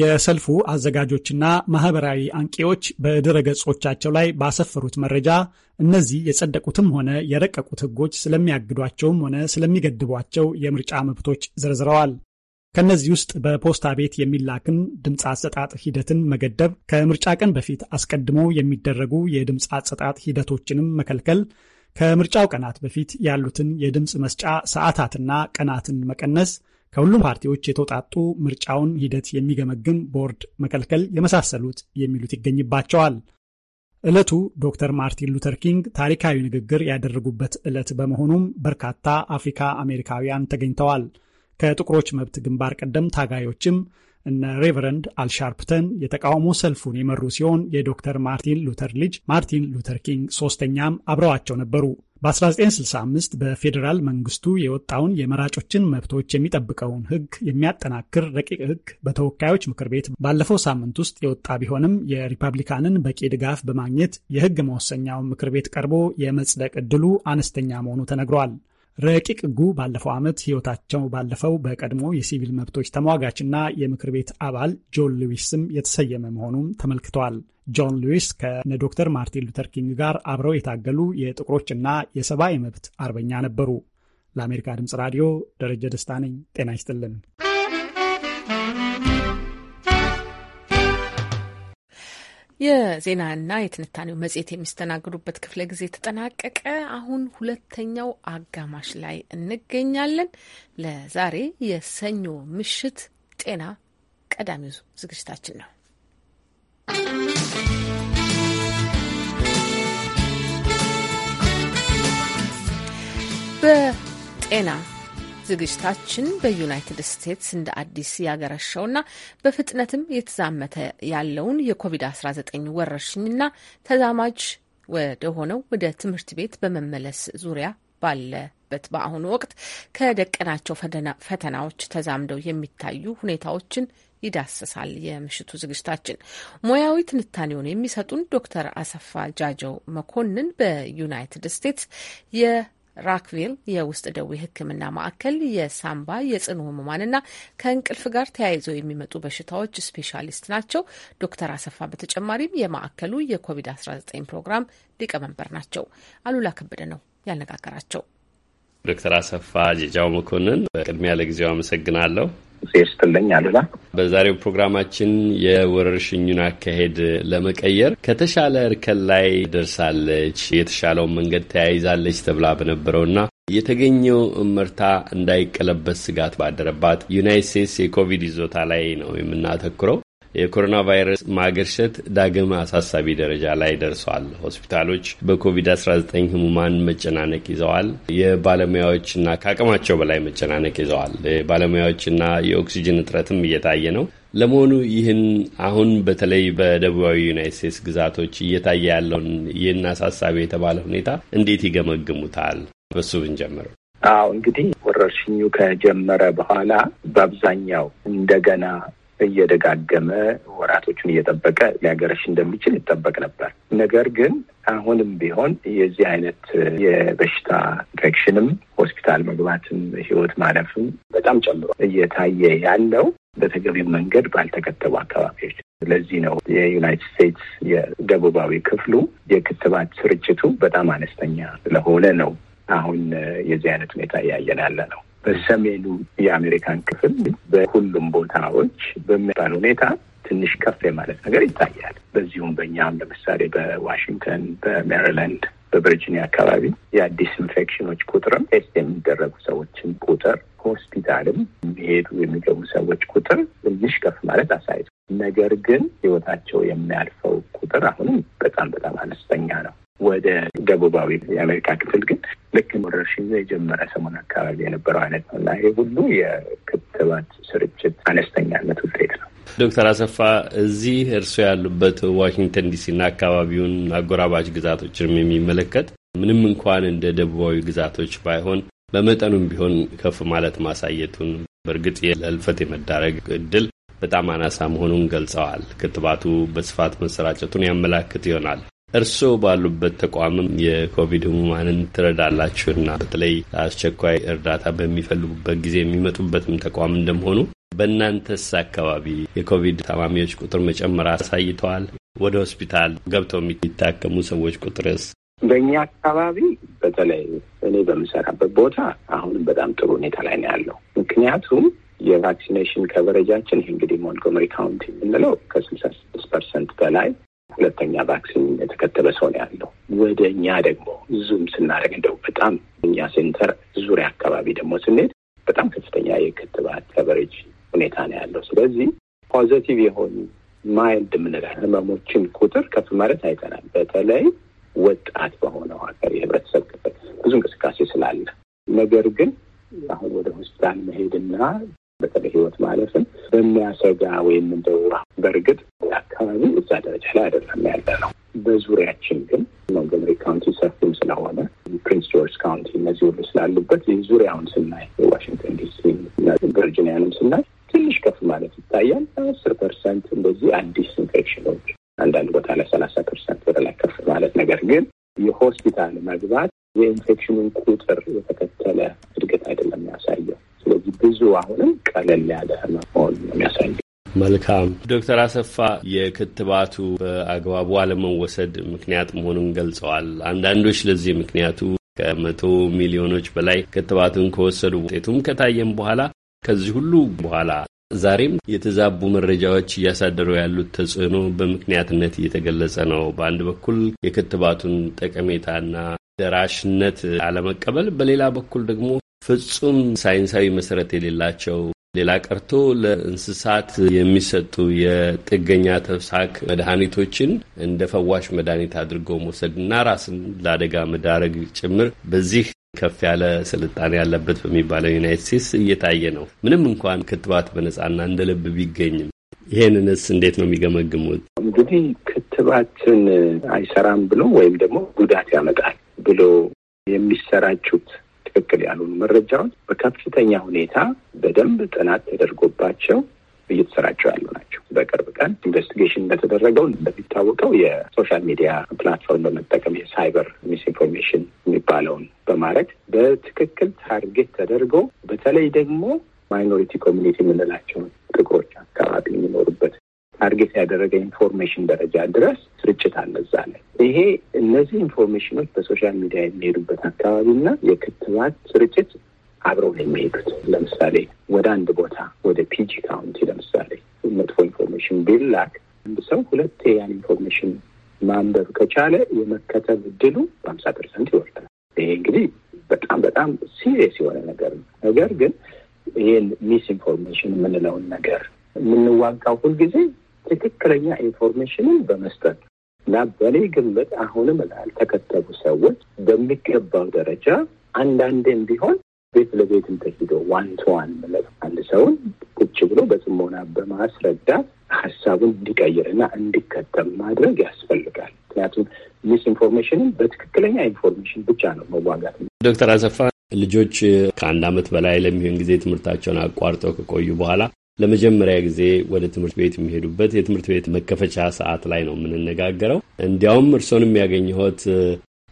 የሰልፉ አዘጋጆችና ማህበራዊ አንቂዎች በድረገጾቻቸው ላይ ባሰፈሩት መረጃ እነዚህ የጸደቁትም ሆነ የረቀቁት ህጎች ስለሚያግዷቸውም ሆነ ስለሚገድቧቸው የምርጫ መብቶች ዘርዝረዋል። ከእነዚህ ውስጥ በፖስታ ቤት የሚላክን ድምፅ አሰጣጥ ሂደትን መገደብ፣ ከምርጫ ቀን በፊት አስቀድሞ የሚደረጉ የድምፅ አሰጣጥ ሂደቶችንም መከልከል፣ ከምርጫው ቀናት በፊት ያሉትን የድምፅ መስጫ ሰዓታትና ቀናትን መቀነስ፣ ከሁሉም ፓርቲዎች የተውጣጡ ምርጫውን ሂደት የሚገመግም ቦርድ መከልከል የመሳሰሉት የሚሉት ይገኝባቸዋል። ዕለቱ ዶክተር ማርቲን ሉተር ኪንግ ታሪካዊ ንግግር ያደረጉበት ዕለት በመሆኑም በርካታ አፍሪካ አሜሪካውያን ተገኝተዋል። ከጥቁሮች መብት ግንባር ቀደም ታጋዮችም እነ ሬቨረንድ አልሻርፕተን የተቃውሞ ሰልፉን የመሩ ሲሆን የዶክተር ማርቲን ሉተር ልጅ ማርቲን ሉተር ኪንግ ሶስተኛም አብረዋቸው ነበሩ። በ1965 በፌዴራል መንግስቱ የወጣውን የመራጮችን መብቶች የሚጠብቀውን ህግ የሚያጠናክር ረቂቅ ህግ በተወካዮች ምክር ቤት ባለፈው ሳምንት ውስጥ የወጣ ቢሆንም የሪፐብሊካንን በቂ ድጋፍ በማግኘት የህግ መወሰኛውን ምክር ቤት ቀርቦ የመጽደቅ ዕድሉ አነስተኛ መሆኑ ተነግሯል። ረቂቅ ጉ ባለፈው ዓመት ሕይወታቸው ባለፈው በቀድሞ የሲቪል መብቶች ተሟጋችና የምክር ቤት አባል ጆን ሉዊስ ስም የተሰየመ መሆኑም ተመልክተዋል። ጆን ሉዊስ ከነ ዶክተር ማርቲን ሉተር ኪንግ ጋር አብረው የታገሉ የጥቁሮችና የሰብአዊ መብት አርበኛ ነበሩ። ለአሜሪካ ድምፅ ራዲዮ ደረጀ ደስታ ነኝ። ጤና ይስጥልን። የዜናና የትንታኔው መጽሔት የሚስተናግዱበት ክፍለ ጊዜ ተጠናቀቀ። አሁን ሁለተኛው አጋማሽ ላይ እንገኛለን። ለዛሬ የሰኞ ምሽት ጤና ቀዳሚው ዝግጅታችን ነው። በጤና ዝግጅታችን በዩናይትድ ስቴትስ እንደ አዲስ ያገረሸውና በፍጥነትም የተዛመተ ያለውን የኮቪድ-19 ወረርሽኝና ተዛማጅ ወደ ሆነው ወደ ትምህርት ቤት በመመለስ ዙሪያ ባለበት በአሁኑ ወቅት ከደቀናቸው ፈተናዎች ተዛምደው የሚታዩ ሁኔታዎችን ይዳስሳል። የምሽቱ ዝግጅታችን ሙያዊ ትንታኔውን የሚሰጡን ዶክተር አሰፋ ጃጀው መኮንን በዩናይትድ ስቴትስ ራክቪል የውስጥ ደዌ ሕክምና ማዕከል የሳምባ የጽኑ ህሙማንና ከእንቅልፍ ጋር ተያይዘው የሚመጡ በሽታዎች ስፔሻሊስት ናቸው። ዶክተር አሰፋ በተጨማሪም የማዕከሉ የኮቪድ-19 ፕሮግራም ሊቀመንበር ናቸው። አሉላ ከበደ ነው ያነጋገራቸው። ዶክተር አሰፋ ጀጃው መኮንን በቅድሚያ ለጊዜው አመሰግናለሁ። ጊዜ ስትልኝ አሉላ። በዛሬው ፕሮግራማችን የወረርሽኙን አካሄድ ለመቀየር ከተሻለ እርከን ላይ ደርሳለች፣ የተሻለውን መንገድ ተያይዛለች ተብላ በነበረውና የተገኘው እመርታ እንዳይቀለበስ ስጋት ባደረባት ዩናይት ስቴትስ የኮቪድ ይዞታ ላይ ነው የምናተኩረው። የኮሮና ቫይረስ ማገርሸት ዳግም አሳሳቢ ደረጃ ላይ ደርሷል። ሆስፒታሎች በኮቪድ-19 ህሙማን መጨናነቅ ይዘዋል። የባለሙያዎችና ከአቅማቸው በላይ መጨናነቅ ይዘዋል። የባለሙያዎችና የኦክሲጅን እጥረትም እየታየ ነው። ለመሆኑ ይህን አሁን በተለይ በደቡባዊ ዩናይት ስቴትስ ግዛቶች እየታየ ያለውን ይህን አሳሳቢ የተባለ ሁኔታ እንዴት ይገመግሙታል? በሱ ብንጀምረው። አዎ እንግዲህ ወረርሽኙ ከጀመረ በኋላ በአብዛኛው እንደገና እየደጋገመ ወራቶቹን እየጠበቀ ሊያገረሽ እንደሚችል ይጠበቅ ነበር። ነገር ግን አሁንም ቢሆን የዚህ አይነት የበሽታ ኢንፌክሽንም ሆስፒታል መግባትም ህይወት ማለፍም በጣም ጨምሮ እየታየ ያለው በተገቢው መንገድ ባልተከተቡ አካባቢዎች። ለዚህ ነው የዩናይትድ ስቴትስ የደቡባዊ ክፍሉ የክትባት ስርጭቱ በጣም አነስተኛ ስለሆነ ነው አሁን የዚህ አይነት ሁኔታ እያየን ያለ ነው። በሰሜኑ የአሜሪካን ክፍል በሁሉም ቦታዎች በሚባል ሁኔታ ትንሽ ከፍ የማለት ነገር ይታያል። በዚሁም በእኛም ለምሳሌ በዋሽንግተን፣ በሜሪላንድ፣ በቨርጂኒያ አካባቢ የአዲስ ኢንፌክሽኖች ቁጥርም ቴስት የሚደረጉ ሰዎችን ቁጥር ሆስፒታልም የሚሄዱ የሚገቡ ሰዎች ቁጥር ትንሽ ከፍ ማለት አሳይቷል። ነገር ግን ህይወታቸው የሚያልፈው ቁጥር አሁንም በጣም በጣም አነስተኛ ነው። ወደ ደቡባዊ የአሜሪካ ክፍል ግን ልክ ወረርሽኙ የጀመረ ሰሞን አካባቢ የነበረው አይነት ነው እና ይህ ሁሉ የክትባት ስርጭት አነስተኛነት ውጤት ነው። ዶክተር አሰፋ እዚህ እርስዎ ያሉበት ዋሽንግተን ዲሲና አካባቢውን አጎራባች ግዛቶችንም የሚመለከት ምንም እንኳን እንደ ደቡባዊ ግዛቶች ባይሆን በመጠኑም ቢሆን ከፍ ማለት ማሳየቱን በእርግጥ ለህልፈት የመዳረግ እድል በጣም አናሳ መሆኑን ገልጸዋል። ክትባቱ በስፋት መሰራጨቱን ያመላክት ይሆናል። እርስዎ ባሉበት ተቋምም የኮቪድ ህሙማንን ትረዳላችሁና በተለይ አስቸኳይ እርዳታ በሚፈልጉበት ጊዜ የሚመጡበትም ተቋም እንደመሆኑ በእናንተስ አካባቢ የኮቪድ ታማሚዎች ቁጥር መጨመር አሳይተዋል? ወደ ሆስፒታል ገብተው የሚታከሙ ሰዎች ቁጥርስ? በእኛ አካባቢ በተለይ እኔ በምሰራበት ቦታ አሁንም በጣም ጥሩ ሁኔታ ላይ ነው ያለው። ምክንያቱም የቫክሲኔሽን ከበረጃችን ይህ እንግዲህ ሞንጎመሪ ካውንቲ የምንለው ከስልሳ ስድስት ፐርሰንት በላይ ሁለተኛ ቫክሲን የተከተለ ሰው ነው ያለው። ወደ እኛ ደግሞ ዙም ስናደርግ እንደው በጣም እኛ ሴንተር ዙሪያ አካባቢ ደግሞ ስንሄድ በጣም ከፍተኛ የክትባት ከበሬጅ ሁኔታ ነው ያለው። ስለዚህ ፖዘቲቭ የሆኑ ማይልድ የምንላ ህመሞችን ቁጥር ከፍ ማለት አይተናል። በተለይ ወጣት በሆነው ሀገር የህብረተሰብ ክፍል ብዙ እንቅስቃሴ ስላለ ነገር ግን አሁን ወደ ሆስፒታል መሄድና በተለይ ህይወት ማለፍን በሚያሰጋ ወይም እንደውራ በእርግጥ አካባቢ እዛ ደረጃ ላይ አይደለም ያለ ነው። በዙሪያችን ግን ሞንጎመሪ ካውንቲ ሰፊም ስለሆነ ፕሪንስ ጆርጅ ካውንቲ እነዚህ ሁሉ ስላሉበት ዙሪያውን ስናይ የዋሽንግተን ዲሲ ቨርጂኒያንም ስናይ ትንሽ ከፍ ማለት ይታያል። አስር ፐርሰንት እንደዚህ አዲስ ኢንፌክሽኖች አንዳንድ ቦታ ላይ ሰላሳ ፐርሰንት ወደ ላይ ከፍ ማለት ነገር ግን የሆስፒታል መግባት የኢንፌክሽኑን ቁጥር የተከተለ እድገት አይደለም ያሳየው። ስለዚህ ብዙ አሁንም ቀለል ያለ መሆን የሚያሳይ መልካም ዶክተር አሰፋ የክትባቱ በአግባቡ አለመወሰድ ምክንያት መሆኑን ገልጸዋል። አንዳንዶች ለዚህ ምክንያቱ ከመቶ ሚሊዮኖች በላይ ክትባቱን ከወሰዱ ውጤቱም ከታየም በኋላ ከዚህ ሁሉ በኋላ ዛሬም የተዛቡ መረጃዎች እያሳደሩ ያሉት ተጽዕኖ በምክንያትነት እየተገለጸ ነው። በአንድ በኩል የክትባቱን ጠቀሜታና ደራሽነት አለመቀበል፣ በሌላ በኩል ደግሞ ፍጹም ሳይንሳዊ መሰረት የሌላቸው ሌላ ቀርቶ ለእንስሳት የሚሰጡ የጥገኛ ተብሳክ መድኃኒቶችን እንደ ፈዋሽ መድኃኒት አድርጎ መውሰድና ራስን ለአደጋ መዳረግ ጭምር በዚህ ከፍ ያለ ስልጣኔ ያለበት በሚባለው ዩናይት ስቴትስ እየታየ ነው። ምንም እንኳን ክትባት በነጻና እንደ ልብ ቢገኝም ይህንንስ እንዴት ነው የሚገመግሙት? እንግዲህ ክትባትን አይሰራም ብሎ ወይም ደግሞ ጉዳት ያመጣል ብሎ የሚሰራጩት ትክክል ያልሆኑ መረጃዎች በከፍተኛ ሁኔታ በደንብ ጥናት ተደርጎባቸው እየተሰራቸው ያሉ ናቸው። በቅርብ ቀን ኢንቨስቲጌሽን እንደተደረገው እንደሚታወቀው የሶሻል ሚዲያ ፕላትፎርም በመጠቀም የሳይበር ሚስኢንፎርሜሽን የሚባለውን በማድረግ በትክክል ታርጌት ተደርጎ በተለይ ደግሞ ማይኖሪቲ ኮሚኒቲ የምንላቸውን ጥቁሮች አካባቢ የሚኖሩበት ታርጌት ያደረገ ኢንፎርሜሽን ደረጃ ድረስ ስርጭት አለ ይሄ እነዚህ ኢንፎርሜሽኖች በሶሻል ሚዲያ የሚሄዱበት አካባቢና የክትባት ስርጭት አብረው ነው የሚሄዱት። ለምሳሌ ወደ አንድ ቦታ ወደ ፒጂ ካውንቲ ለምሳሌ መጥፎ ኢንፎርሜሽን ቢላክ አንድ ሰው ሁለቴ ያን ኢንፎርሜሽን ማንበብ ከቻለ የመከተብ እድሉ በሀምሳ ፐርሰንት ይወርዳል። ይሄ እንግዲህ በጣም በጣም ሲሪየስ የሆነ ነገር ነው። ነገር ግን ይህን ሚስ ኢንፎርሜሽን የምንለውን ነገር የምንዋጋው ሁልጊዜ ትክክለኛ ኢንፎርሜሽንን በመስጠት እና በእኔ ግምት አሁንም ላልተከተቡ ሰዎች በሚገባው ደረጃ አንዳንዴም ቢሆን ቤት ለቤት እንተሂዶ ዋን ቱ ዋን ማለት አንድ ሰውን ቁጭ ብሎ በጽሞና በማስረዳት ሀሳቡን እንዲቀይርና እንዲከተም ማድረግ ያስፈልጋል። ምክንያቱም ሚስ ኢንፎርሜሽንን በትክክለኛ ኢንፎርሜሽን ብቻ ነው መዋጋት። ዶክተር አሰፋ ልጆች ከአንድ ዓመት በላይ ለሚሆን ጊዜ ትምህርታቸውን አቋርጠው ከቆዩ በኋላ ለመጀመሪያ ጊዜ ወደ ትምህርት ቤት የሚሄዱበት የትምህርት ቤት መከፈቻ ሰዓት ላይ ነው የምንነጋገረው። እንዲያውም እርስዎንም ያገኘሁት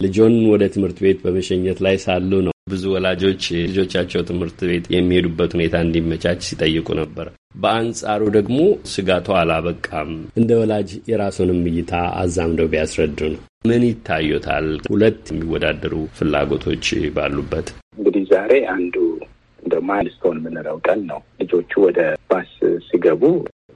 ልጆን ወደ ትምህርት ቤት በመሸኘት ላይ ሳሉ ነው። ብዙ ወላጆች ልጆቻቸው ትምህርት ቤት የሚሄዱበት ሁኔታ እንዲመቻች ሲጠይቁ ነበር። በአንጻሩ ደግሞ ስጋቱ አላበቃም። እንደ ወላጅ የራሱንም እይታ አዛምደው ቢያስረዱን ምን ይታዩታል? ሁለት የሚወዳደሩ ፍላጎቶች ባሉበት እንግዲህ ዛሬ አንዱ እንደ ማይልስቶን የምንለው ቀን ነው። ልጆቹ ወደ ባስ ሲገቡ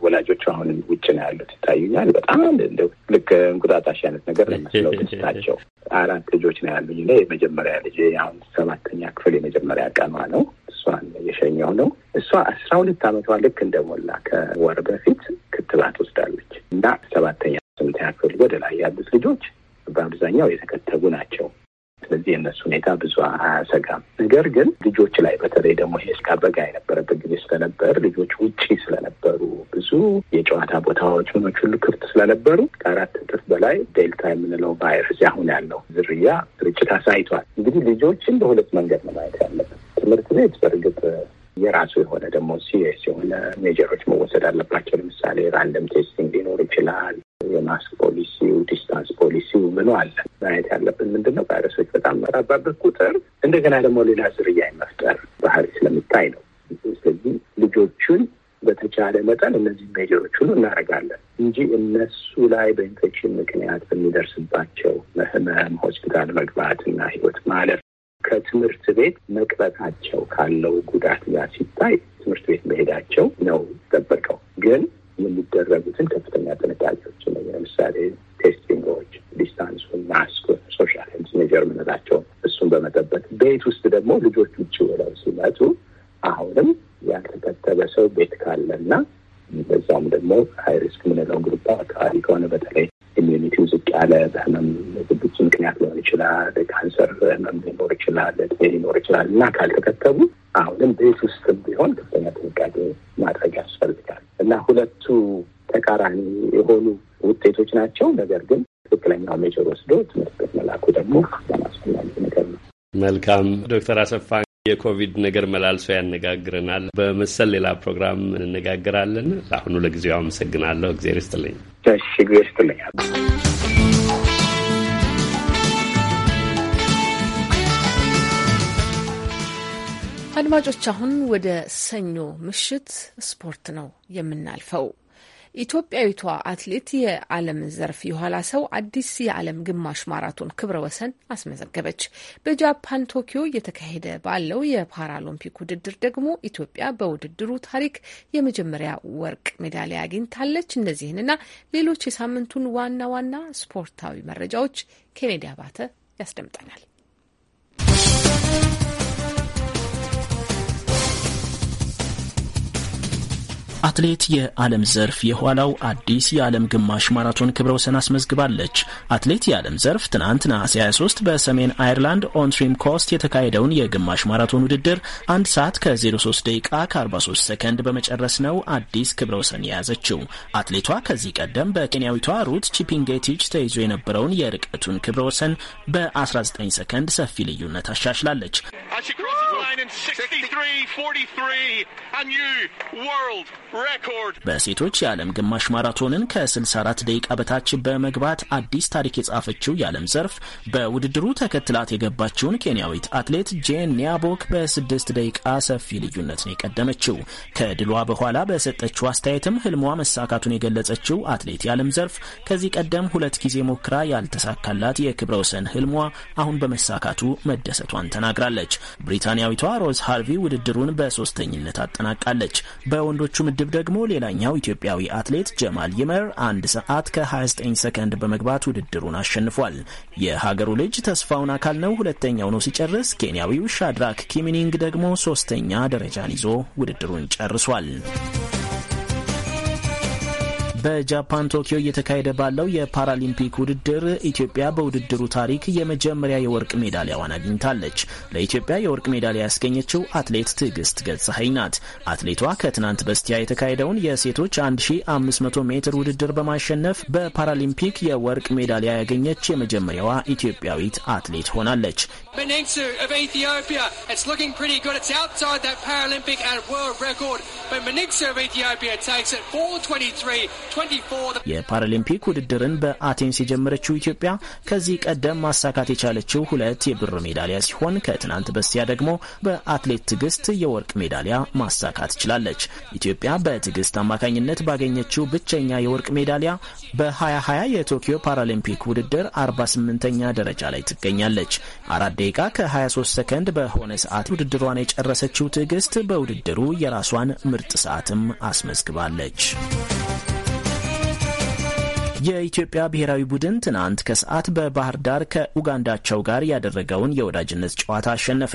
ወላጆቹ አሁን ውጭ ነው ያሉት ይታዩኛል። በጣም እንደው ልክ እንቁጣጣሽ አይነት ነገር መስለው ናቸው። አራት ልጆች ነው ያሉኝ እና የመጀመሪያ ልጅ አሁን ሰባተኛ ክፍል የመጀመሪያ ቀኗ ነው። እሷን የሸኘው ነው። እሷ አስራ ሁለት አመቷ ልክ እንደሞላ ከወር በፊት ክትባት ወስዳለች እና ሰባተኛ ስምንተኛ ክፍል ወደ ላይ ያሉት ልጆች በአብዛኛው የተከተቡ ናቸው። ስለዚህ የእነሱ ሁኔታ ብዙ አያሰጋም። ነገር ግን ልጆች ላይ በተለይ ደግሞ ይሄ በጋ የነበረበት ጊዜ ስለነበር ልጆች ውጪ ስለነበሩ ብዙ የጨዋታ ቦታዎች ምኖች ሁሉ ክፍት ስለነበሩ ከአራት እጥፍ በላይ ዴልታ የምንለው ቫይረስ አሁን ያለው ዝርያ ስርጭት አሳይቷል። እንግዲህ ልጆችን በሁለት መንገድ ነው ማየት ያለብን። ትምህርት ቤት በእርግጥ የራሱ የሆነ ደግሞ ሲሪየስ የሆነ ሜጀሮች መወሰድ አለባቸው። ለምሳሌ ራንደም ቴስቲንግ ሊኖር ይችላል። የማስክ ፖሊሲው፣ ዲስታንስ ፖሊሲው ምኑ አለ። ማየት ያለብን ምንድነው ቫይረሶች በጣም መራባበት ቁጥር እንደገና ደግሞ ሌላ ዝርያ መፍጠር ባህሪ ስለሚታይ ነው። ስለዚህ ልጆቹን በተቻለ መጠን እነዚህ ሜጀሮች ሁሉ እናደርጋለን እንጂ እነሱ ላይ በኢንፌክሽን ምክንያት በሚደርስባቸው መህመም ሆስፒታል መግባት እና ህይወት ማለፍ ከትምህርት ቤት መቅረታቸው ካለው ጉዳት ጋር ሲታይ ትምህርት ቤት መሄዳቸው ነው ጠበቀው ግን የሚደረጉትን ከፍተኛ ጥንቃቄዎች ለምሳሌ ቴስቲንጎች፣ ዲስታንሱ፣ ማስኩ፣ ሶሻል ሄንስ ሜጀር ምንላቸው እሱን በመጠበቅ ቤት ውስጥ ደግሞ ልጆች ውጭ ብለው ሲመጡ አሁንም ያልተከተበ ሰው ቤት ካለና በዛውም ደግሞ ሀይሪስክ ምንለው ግሩፕ አካባቢ ከሆነ በተለይ ኢሚኒቲው ዝቅ ያለ በህመም ዝግጅ ምክንያት ሊሆን ይችላል። ካንሰር ህመም ሊኖር ይችላል። እድሜ ሊኖር ይችላል እና ካልተከተቡ አሁንም ቤት ውስጥ ቢሆን ከፍተኛ ጥንቃቄ ማድረግ ያስፈልጋል እና ሁለቱ ተቃራኒ የሆኑ ውጤቶች ናቸው። ነገር ግን ትክክለኛው ሜጀር ወስዶ ትምህርት ቤት መላኩ ደግሞ ለማስፈላጊ ነገር ነው። መልካም ዶክተር አሰፋ የኮቪድ ነገር መላልሶ ያነጋግረናል። በመሰል ሌላ ፕሮግራም እንነጋገራለን። ለአሁኑ ለጊዜው አመሰግናለሁ። እግዜር ይስጥልኝ። እግዜር ይስጥልኝ። አድማጮች አሁን ወደ ሰኞ ምሽት ስፖርት ነው የምናልፈው። ኢትዮጵያዊቷ አትሌት የዓለም ዘርፍ የኋላ ሰው አዲስ የዓለም ግማሽ ማራቶን ክብረ ወሰን አስመዘገበች። በጃፓን ቶኪዮ እየተካሄደ ባለው የፓራሎምፒክ ውድድር ደግሞ ኢትዮጵያ በውድድሩ ታሪክ የመጀመሪያ ወርቅ ሜዳሊያ አግኝታለች። እነዚህንና ሌሎች የሳምንቱን ዋና ዋና ስፖርታዊ መረጃዎች ኬኔዲ አባተ ያስደምጠናል። አትሌት የዓለም ዘርፍ የኋላው አዲስ የዓለም ግማሽ ማራቶን ክብረ ወሰን አስመዝግባለች። አትሌት የዓለም ዘርፍ ትናንት ነሐሴ 23 በሰሜን አይርላንድ ኦንትሪም ኮስት የተካሄደውን የግማሽ ማራቶን ውድድር አንድ ሰዓት ከ03 ደቂቃ ከ43 ሰከንድ በመጨረስ ነው አዲስ ክብረ ወሰን የያዘችው። አትሌቷ ከዚህ ቀደም በኬንያዊቷ ሩት ቺፒንጌቲች ተይዞ የነበረውን የርቀቱን ክብረ ወሰን በ19 ሰከንድ ሰፊ ልዩነት አሻሽላለች። በሴቶች የዓለም ግማሽ ማራቶንን ከ64 ደቂቃ በታች በመግባት አዲስ ታሪክ የጻፈችው የዓለም ዘርፍ በውድድሩ ተከትላት የገባችውን ኬንያዊት አትሌት ጄን ኒያቦክ በስድስት ደቂቃ ሰፊ ልዩነት ነው የቀደመችው። ከድሏ በኋላ በሰጠችው አስተያየትም ህልሟ መሳካቱን የገለጸችው አትሌት የዓለም ዘርፍ ከዚህ ቀደም ሁለት ጊዜ ሞክራ ያልተሳካላት የክብረ ወሰን ህልሟ አሁን በመሳካቱ መደሰቷን ተናግራለች። ብሪታንያዊቷ ሮዝ ሃርቪ ውድድሩን በሶስተኝነት አጠናቃለች። በወንዶቹ ምድብ ምድብ ደግሞ ሌላኛው ኢትዮጵያዊ አትሌት ጀማል ይመር አንድ ሰዓት ከ29 ሰከንድ በመግባት ውድድሩን አሸንፏል። የሀገሩ ልጅ ተስፋውን አካል ነው ሁለተኛው ነው ሲጨርስ፣ ኬንያዊው ሻድራክ ኪሚኒንግ ደግሞ ሶስተኛ ደረጃን ይዞ ውድድሩን ጨርሷል። በጃፓን ቶኪዮ እየተካሄደ ባለው የፓራሊምፒክ ውድድር ኢትዮጵያ በውድድሩ ታሪክ የመጀመሪያ የወርቅ ሜዳሊያዋን አግኝታለች። ለኢትዮጵያ የወርቅ ሜዳሊያ ያስገኘችው አትሌት ትዕግስት ገጽሀኝ ናት። አትሌቷ ከትናንት በስቲያ የተካሄደውን የሴቶች 1500 ሜትር ውድድር በማሸነፍ በፓራሊምፒክ የወርቅ ሜዳሊያ ያገኘች የመጀመሪያዋ ኢትዮጵያዊት አትሌት ሆናለች። የፓራሊምፒክ ውድድርን በአቴንስ የጀመረችው ኢትዮጵያ ከዚህ ቀደም ማሳካት የቻለችው ሁለት የብር ሜዳሊያ ሲሆን ከትናንት በስቲያ ደግሞ በአትሌት ትዕግስት የወርቅ ሜዳሊያ ማሳካት ችላለች። ኢትዮጵያ በትዕግስት አማካኝነት ባገኘችው ብቸኛ የወርቅ ሜዳሊያ በ2020 የቶኪዮ ፓራሊምፒክ ውድድር 48ኛ ደረጃ ላይ ትገኛለች። አራት ደቂቃ ከ23 ሰከንድ በሆነ ሰዓት ውድድሯን የጨረሰችው ትዕግስት በውድድሩ የራሷን ምርጥ ሰዓትም አስመዝግባለች። የኢትዮጵያ ብሔራዊ ቡድን ትናንት ከሰዓት በባህር ዳር ከኡጋንዳቸው ጋር ያደረገውን የወዳጅነት ጨዋታ አሸነፈ።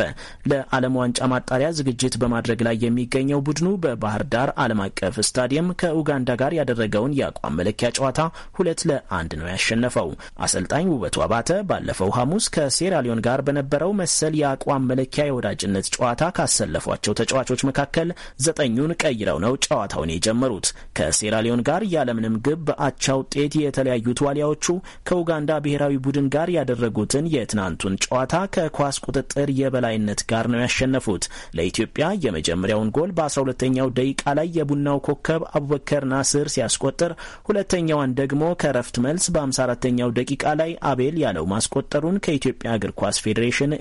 ለዓለም ዋንጫ ማጣሪያ ዝግጅት በማድረግ ላይ የሚገኘው ቡድኑ በባህር ዳር ዓለም አቀፍ ስታዲየም ከኡጋንዳ ጋር ያደረገውን የአቋም መለኪያ ጨዋታ ሁለት ለአንድ ነው ያሸነፈው። አሰልጣኝ ውበቱ አባተ ባለፈው ሐሙስ ከሴራሊዮን ጋር በነበረው መሰል የአቋም መለኪያ የወዳጅነት ጨዋታ ካሰለፏቸው ተጫዋቾች መካከል ዘጠኙን ቀይረው ነው ጨዋታውን የጀመሩት። ከሴራሊዮን ጋር ያለምንም ግብ በአቻ ውጤት የተለያዩት ተዋሊያዎቹ ከኡጋንዳ ብሔራዊ ቡድን ጋር ያደረጉትን የትናንቱን ጨዋታ ከኳስ ቁጥጥር የበላይነት ጋር ነው ያሸነፉት። ለኢትዮጵያ የመጀመሪያውን ጎል በ12ኛው ደቂቃ ላይ የቡናው ኮከብ አቡበከር ናስር ሲያስቆጥር ሁለተኛዋን ደግሞ ከረፍት መልስ በ54ኛው ደቂቃ ላይ አቤል ያለው ማስቆጠሩን ከኢትዮጵያ እግር ኳስ ፌዴሬሽን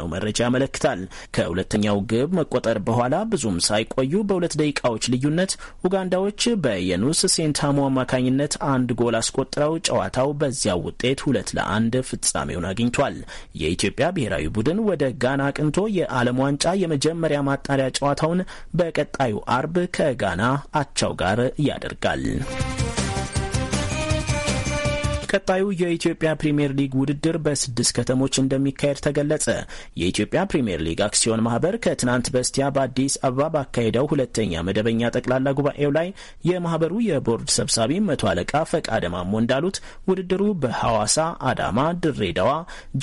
ነው መረጃ ያመለክታል። ከሁለተኛው ግብ መቆጠር በኋላ ብዙም ሳይቆዩ በሁለት ደቂቃዎች ልዩነት ኡጋንዳዎች በየኑስ ሴንታሙ አማካኝነት አንድ ጎል ጎል አስቆጥረው ጨዋታው በዚያው ውጤት ሁለት ለአንድ ፍጻሜውን አግኝቷል። የኢትዮጵያ ብሔራዊ ቡድን ወደ ጋና አቅንቶ የዓለም ዋንጫ የመጀመሪያ ማጣሪያ ጨዋታውን በቀጣዩ አርብ ከጋና አቻው ጋር ያደርጋል። ቀጣዩ የኢትዮጵያ ፕሪምየር ሊግ ውድድር በስድስት ከተሞች እንደሚካሄድ ተገለጸ። የኢትዮጵያ ፕሪምየር ሊግ አክሲዮን ማህበር ከትናንት በስቲያ በአዲስ አበባ ባካሄደው ሁለተኛ መደበኛ ጠቅላላ ጉባኤው ላይ የማህበሩ የቦርድ ሰብሳቢ መቶ አለቃ ፈቃደ ማሞ እንዳሉት ውድድሩ በሐዋሳ፣ አዳማ፣ ድሬዳዋ፣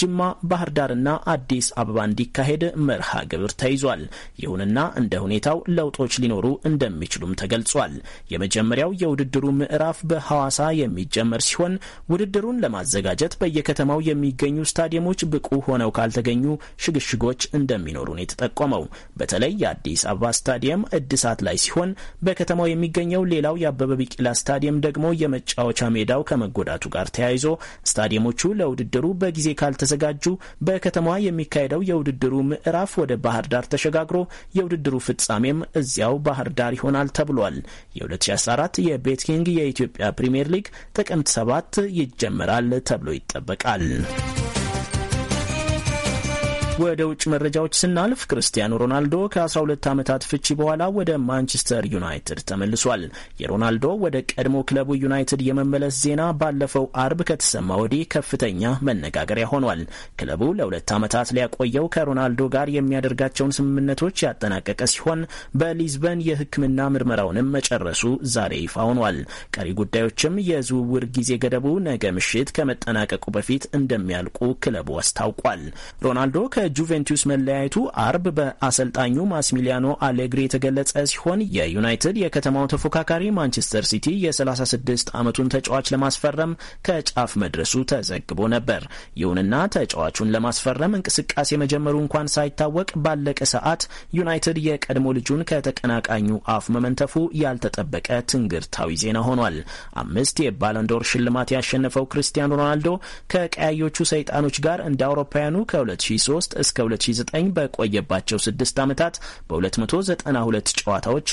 ጅማ፣ ባህር ዳርና አዲስ አበባ እንዲካሄድ መርሃ ግብር ተይዟል። ይሁንና እንደ ሁኔታው ለውጦች ሊኖሩ እንደሚችሉም ተገልጿል። የመጀመሪያው የውድድሩ ምዕራፍ በሐዋሳ የሚጀመር ሲሆን ውድድሩን ለማዘጋጀት በየከተማው የሚገኙ ስታዲየሞች ብቁ ሆነው ካልተገኙ ሽግሽጎች እንደሚኖሩን የተጠቆመው በተለይ የአዲስ አበባ ስታዲየም እድሳት ላይ ሲሆን በከተማው የሚገኘው ሌላው የአበበ ቢቂላ ስታዲየም ደግሞ የመጫወቻ ሜዳው ከመጎዳቱ ጋር ተያይዞ ስታዲየሞቹ ለውድድሩ በጊዜ ካልተዘጋጁ በከተማዋ የሚካሄደው የውድድሩ ምዕራፍ ወደ ባህር ዳር ተሸጋግሮ የውድድሩ ፍጻሜም እዚያው ባህር ዳር ይሆናል ተብሏል። የ2014 የቤትኪንግ የኢትዮጵያ ፕሪምየር ሊግ ጥቅምት 7 ይጀምራል ተብሎ ይጠበቃል። ወደ ውጭ መረጃዎች ስናልፍ ክርስቲያኖ ሮናልዶ ከ12 ዓመታት ፍቺ በኋላ ወደ ማንቸስተር ዩናይትድ ተመልሷል። የሮናልዶ ወደ ቀድሞ ክለቡ ዩናይትድ የመመለስ ዜና ባለፈው አርብ ከተሰማ ወዲህ ከፍተኛ መነጋገሪያ ሆኗል። ክለቡ ለሁለት ዓመታት ሊያቆየው ከሮናልዶ ጋር የሚያደርጋቸውን ስምምነቶች ያጠናቀቀ ሲሆን በሊዝበን የሕክምና ምርመራውንም መጨረሱ ዛሬ ይፋ ሆኗል። ቀሪ ጉዳዮችም የዝውውር ጊዜ ገደቡ ነገ ምሽት ከመጠናቀቁ በፊት እንደሚያልቁ ክለቡ አስታውቋል። ሮናልዶ ከ ከጁቬንቱስ መለያየቱ አርብ በአሰልጣኙ ማስሚሊያኖ አሌግሪ የተገለጸ ሲሆን የዩናይትድ የከተማው ተፎካካሪ ማንቸስተር ሲቲ የ36 ዓመቱን ተጫዋች ለማስፈረም ከጫፍ መድረሱ ተዘግቦ ነበር። ይሁንና ተጫዋቹን ለማስፈረም እንቅስቃሴ መጀመሩ እንኳን ሳይታወቅ ባለቀ ሰዓት ዩናይትድ የቀድሞ ልጁን ከተቀናቃኙ አፍ መመንተፉ ያልተጠበቀ ትንግርታዊ ዜና ሆኗል። አምስት የባለንዶር ሽልማት ያሸነፈው ክርስቲያኖ ሮናልዶ ከቀያዮቹ ሰይጣኖች ጋር እንደ አውሮፓውያኑ ከ2003 እስከ 2009 በቆየባቸው ስድስት ዓመታት በ292 ጨዋታዎች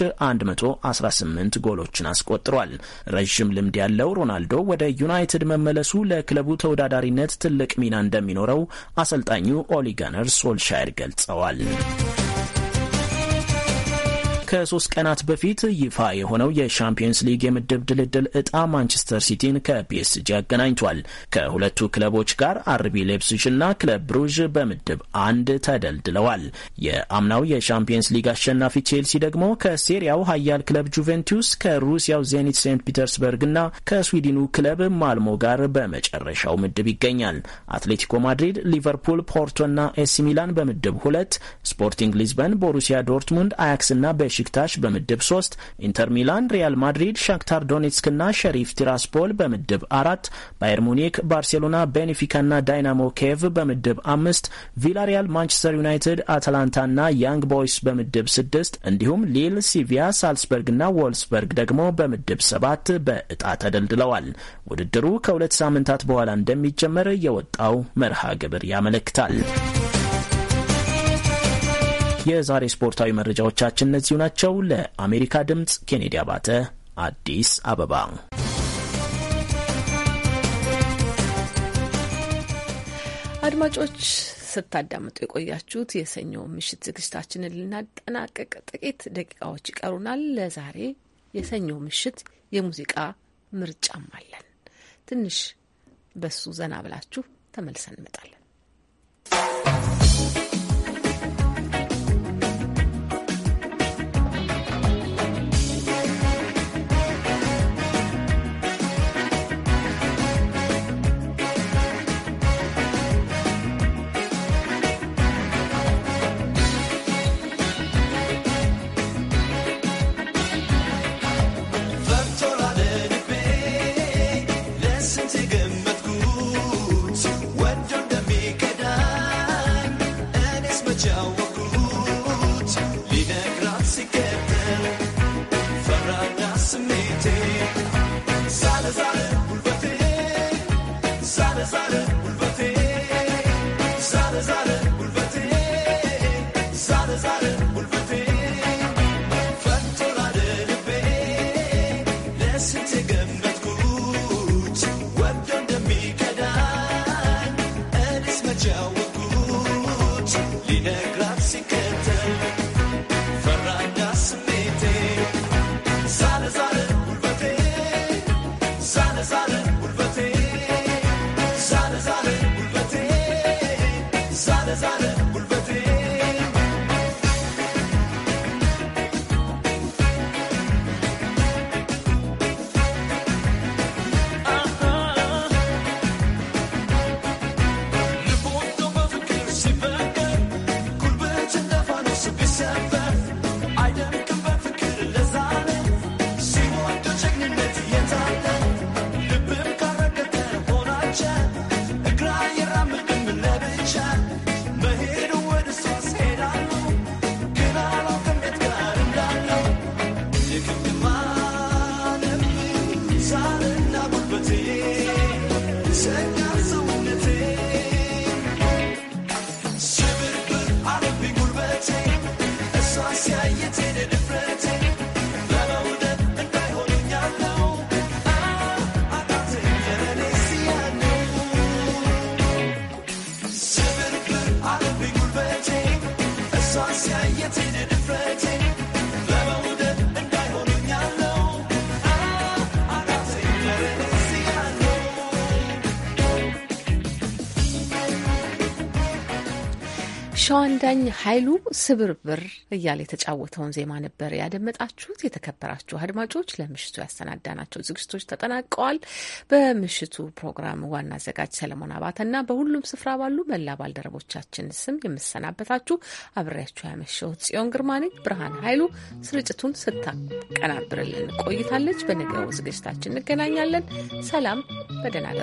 118 ጎሎችን አስቆጥሯል። ረዥም ልምድ ያለው ሮናልዶ ወደ ዩናይትድ መመለሱ ለክለቡ ተወዳዳሪነት ትልቅ ሚና እንደሚኖረው አሰልጣኙ ኦሊጋነር ሶልሻየር ገልጸዋል። ከሶስት ቀናት በፊት ይፋ የሆነው የሻምፒየንስ ሊግ የምድብ ድልድል እጣ ማንቸስተር ሲቲን ከፒኤስጂ አገናኝቷል። ከሁለቱ ክለቦች ጋር አርቢ ሌፕሲጅ እና ክለብ ብሩዥ በምድብ አንድ ተደልድለዋል። የአምናው የሻምፒየንስ ሊግ አሸናፊ ቼልሲ ደግሞ ከሴሪያው ኃያል ክለብ ጁቬንቱስ፣ ከሩሲያው ዜኒት ሴንት ፒተርስበርግ እና ከስዊድኑ ክለብ ማልሞ ጋር በመጨረሻው ምድብ ይገኛል። አትሌቲኮ ማድሪድ፣ ሊቨርፑል፣ ፖርቶ እና ኤሲ ሚላን በምድብ ሁለት፣ ስፖርቲንግ ሊዝበን፣ ቦሩሲያ ዶርትሙንድ፣ አያክስ እና ቤሺ ቤሽክታሽ በምድብ ሶስት፣ ኢንተር ሚላን፣ ሪያል ማድሪድ፣ ሻክታር ዶኔትስክ እና ሸሪፍ ቲራስፖል በምድብ አራት፣ ባየር ሙኒክ፣ ባርሴሎና፣ ና ዳይናሞ ኬቭ በምድብ አምስት፣ ቪላሪያል፣ ማንቸስተር ዩናይትድ፣ ና ያንግ ቦይስ በምድብ ስድስት እንዲሁም ሊል፣ ሲቪያ፣ ና ወልስበርግ ደግሞ በምድብ ሰባት በእጣ ተደልድለዋል። ውድድሩ ከሁለት ሳምንታት በኋላ እንደሚጀመር የወጣው መርሃ ግብር ያመለክታል። የዛሬ ስፖርታዊ መረጃዎቻችን እነዚሁ ናቸው። ለአሜሪካ ድምፅ ኬኔዲ አባተ አዲስ አበባ። አድማጮች ስታዳምጡ የቆያችሁት የሰኞ ምሽት ዝግጅታችንን ልናጠናቀቅ ጥቂት ደቂቃዎች ይቀሩናል። ለዛሬ የሰኞ ምሽት የሙዚቃ ምርጫም አለን። ትንሽ በሱ ዘና ብላችሁ ተመልሰን እንመጣለን። sale, sale, sale, sale, sale the sun. ተዋንዳኝ ኃይሉ ስብርብር እያለ የተጫወተውን ዜማ ነበር ያደመጣችሁት። የተከበራችሁ አድማጮች ለምሽቱ ያሰናዳናቸው ዝግጅቶች ተጠናቀዋል። በምሽቱ ፕሮግራም ዋና አዘጋጅ ሰለሞን አባተና በሁሉም ስፍራ ባሉ መላ ባልደረቦቻችን ስም የምሰናበታችሁ አብሬያችሁ ያመሸሁት ጽዮን ግርማ ነኝ። ብርሃን ኃይሉ ስርጭቱን ስታቀናብርልን ቆይታለች። በነገው ዝግጅታችን እንገናኛለን። ሰላም፣ በደህና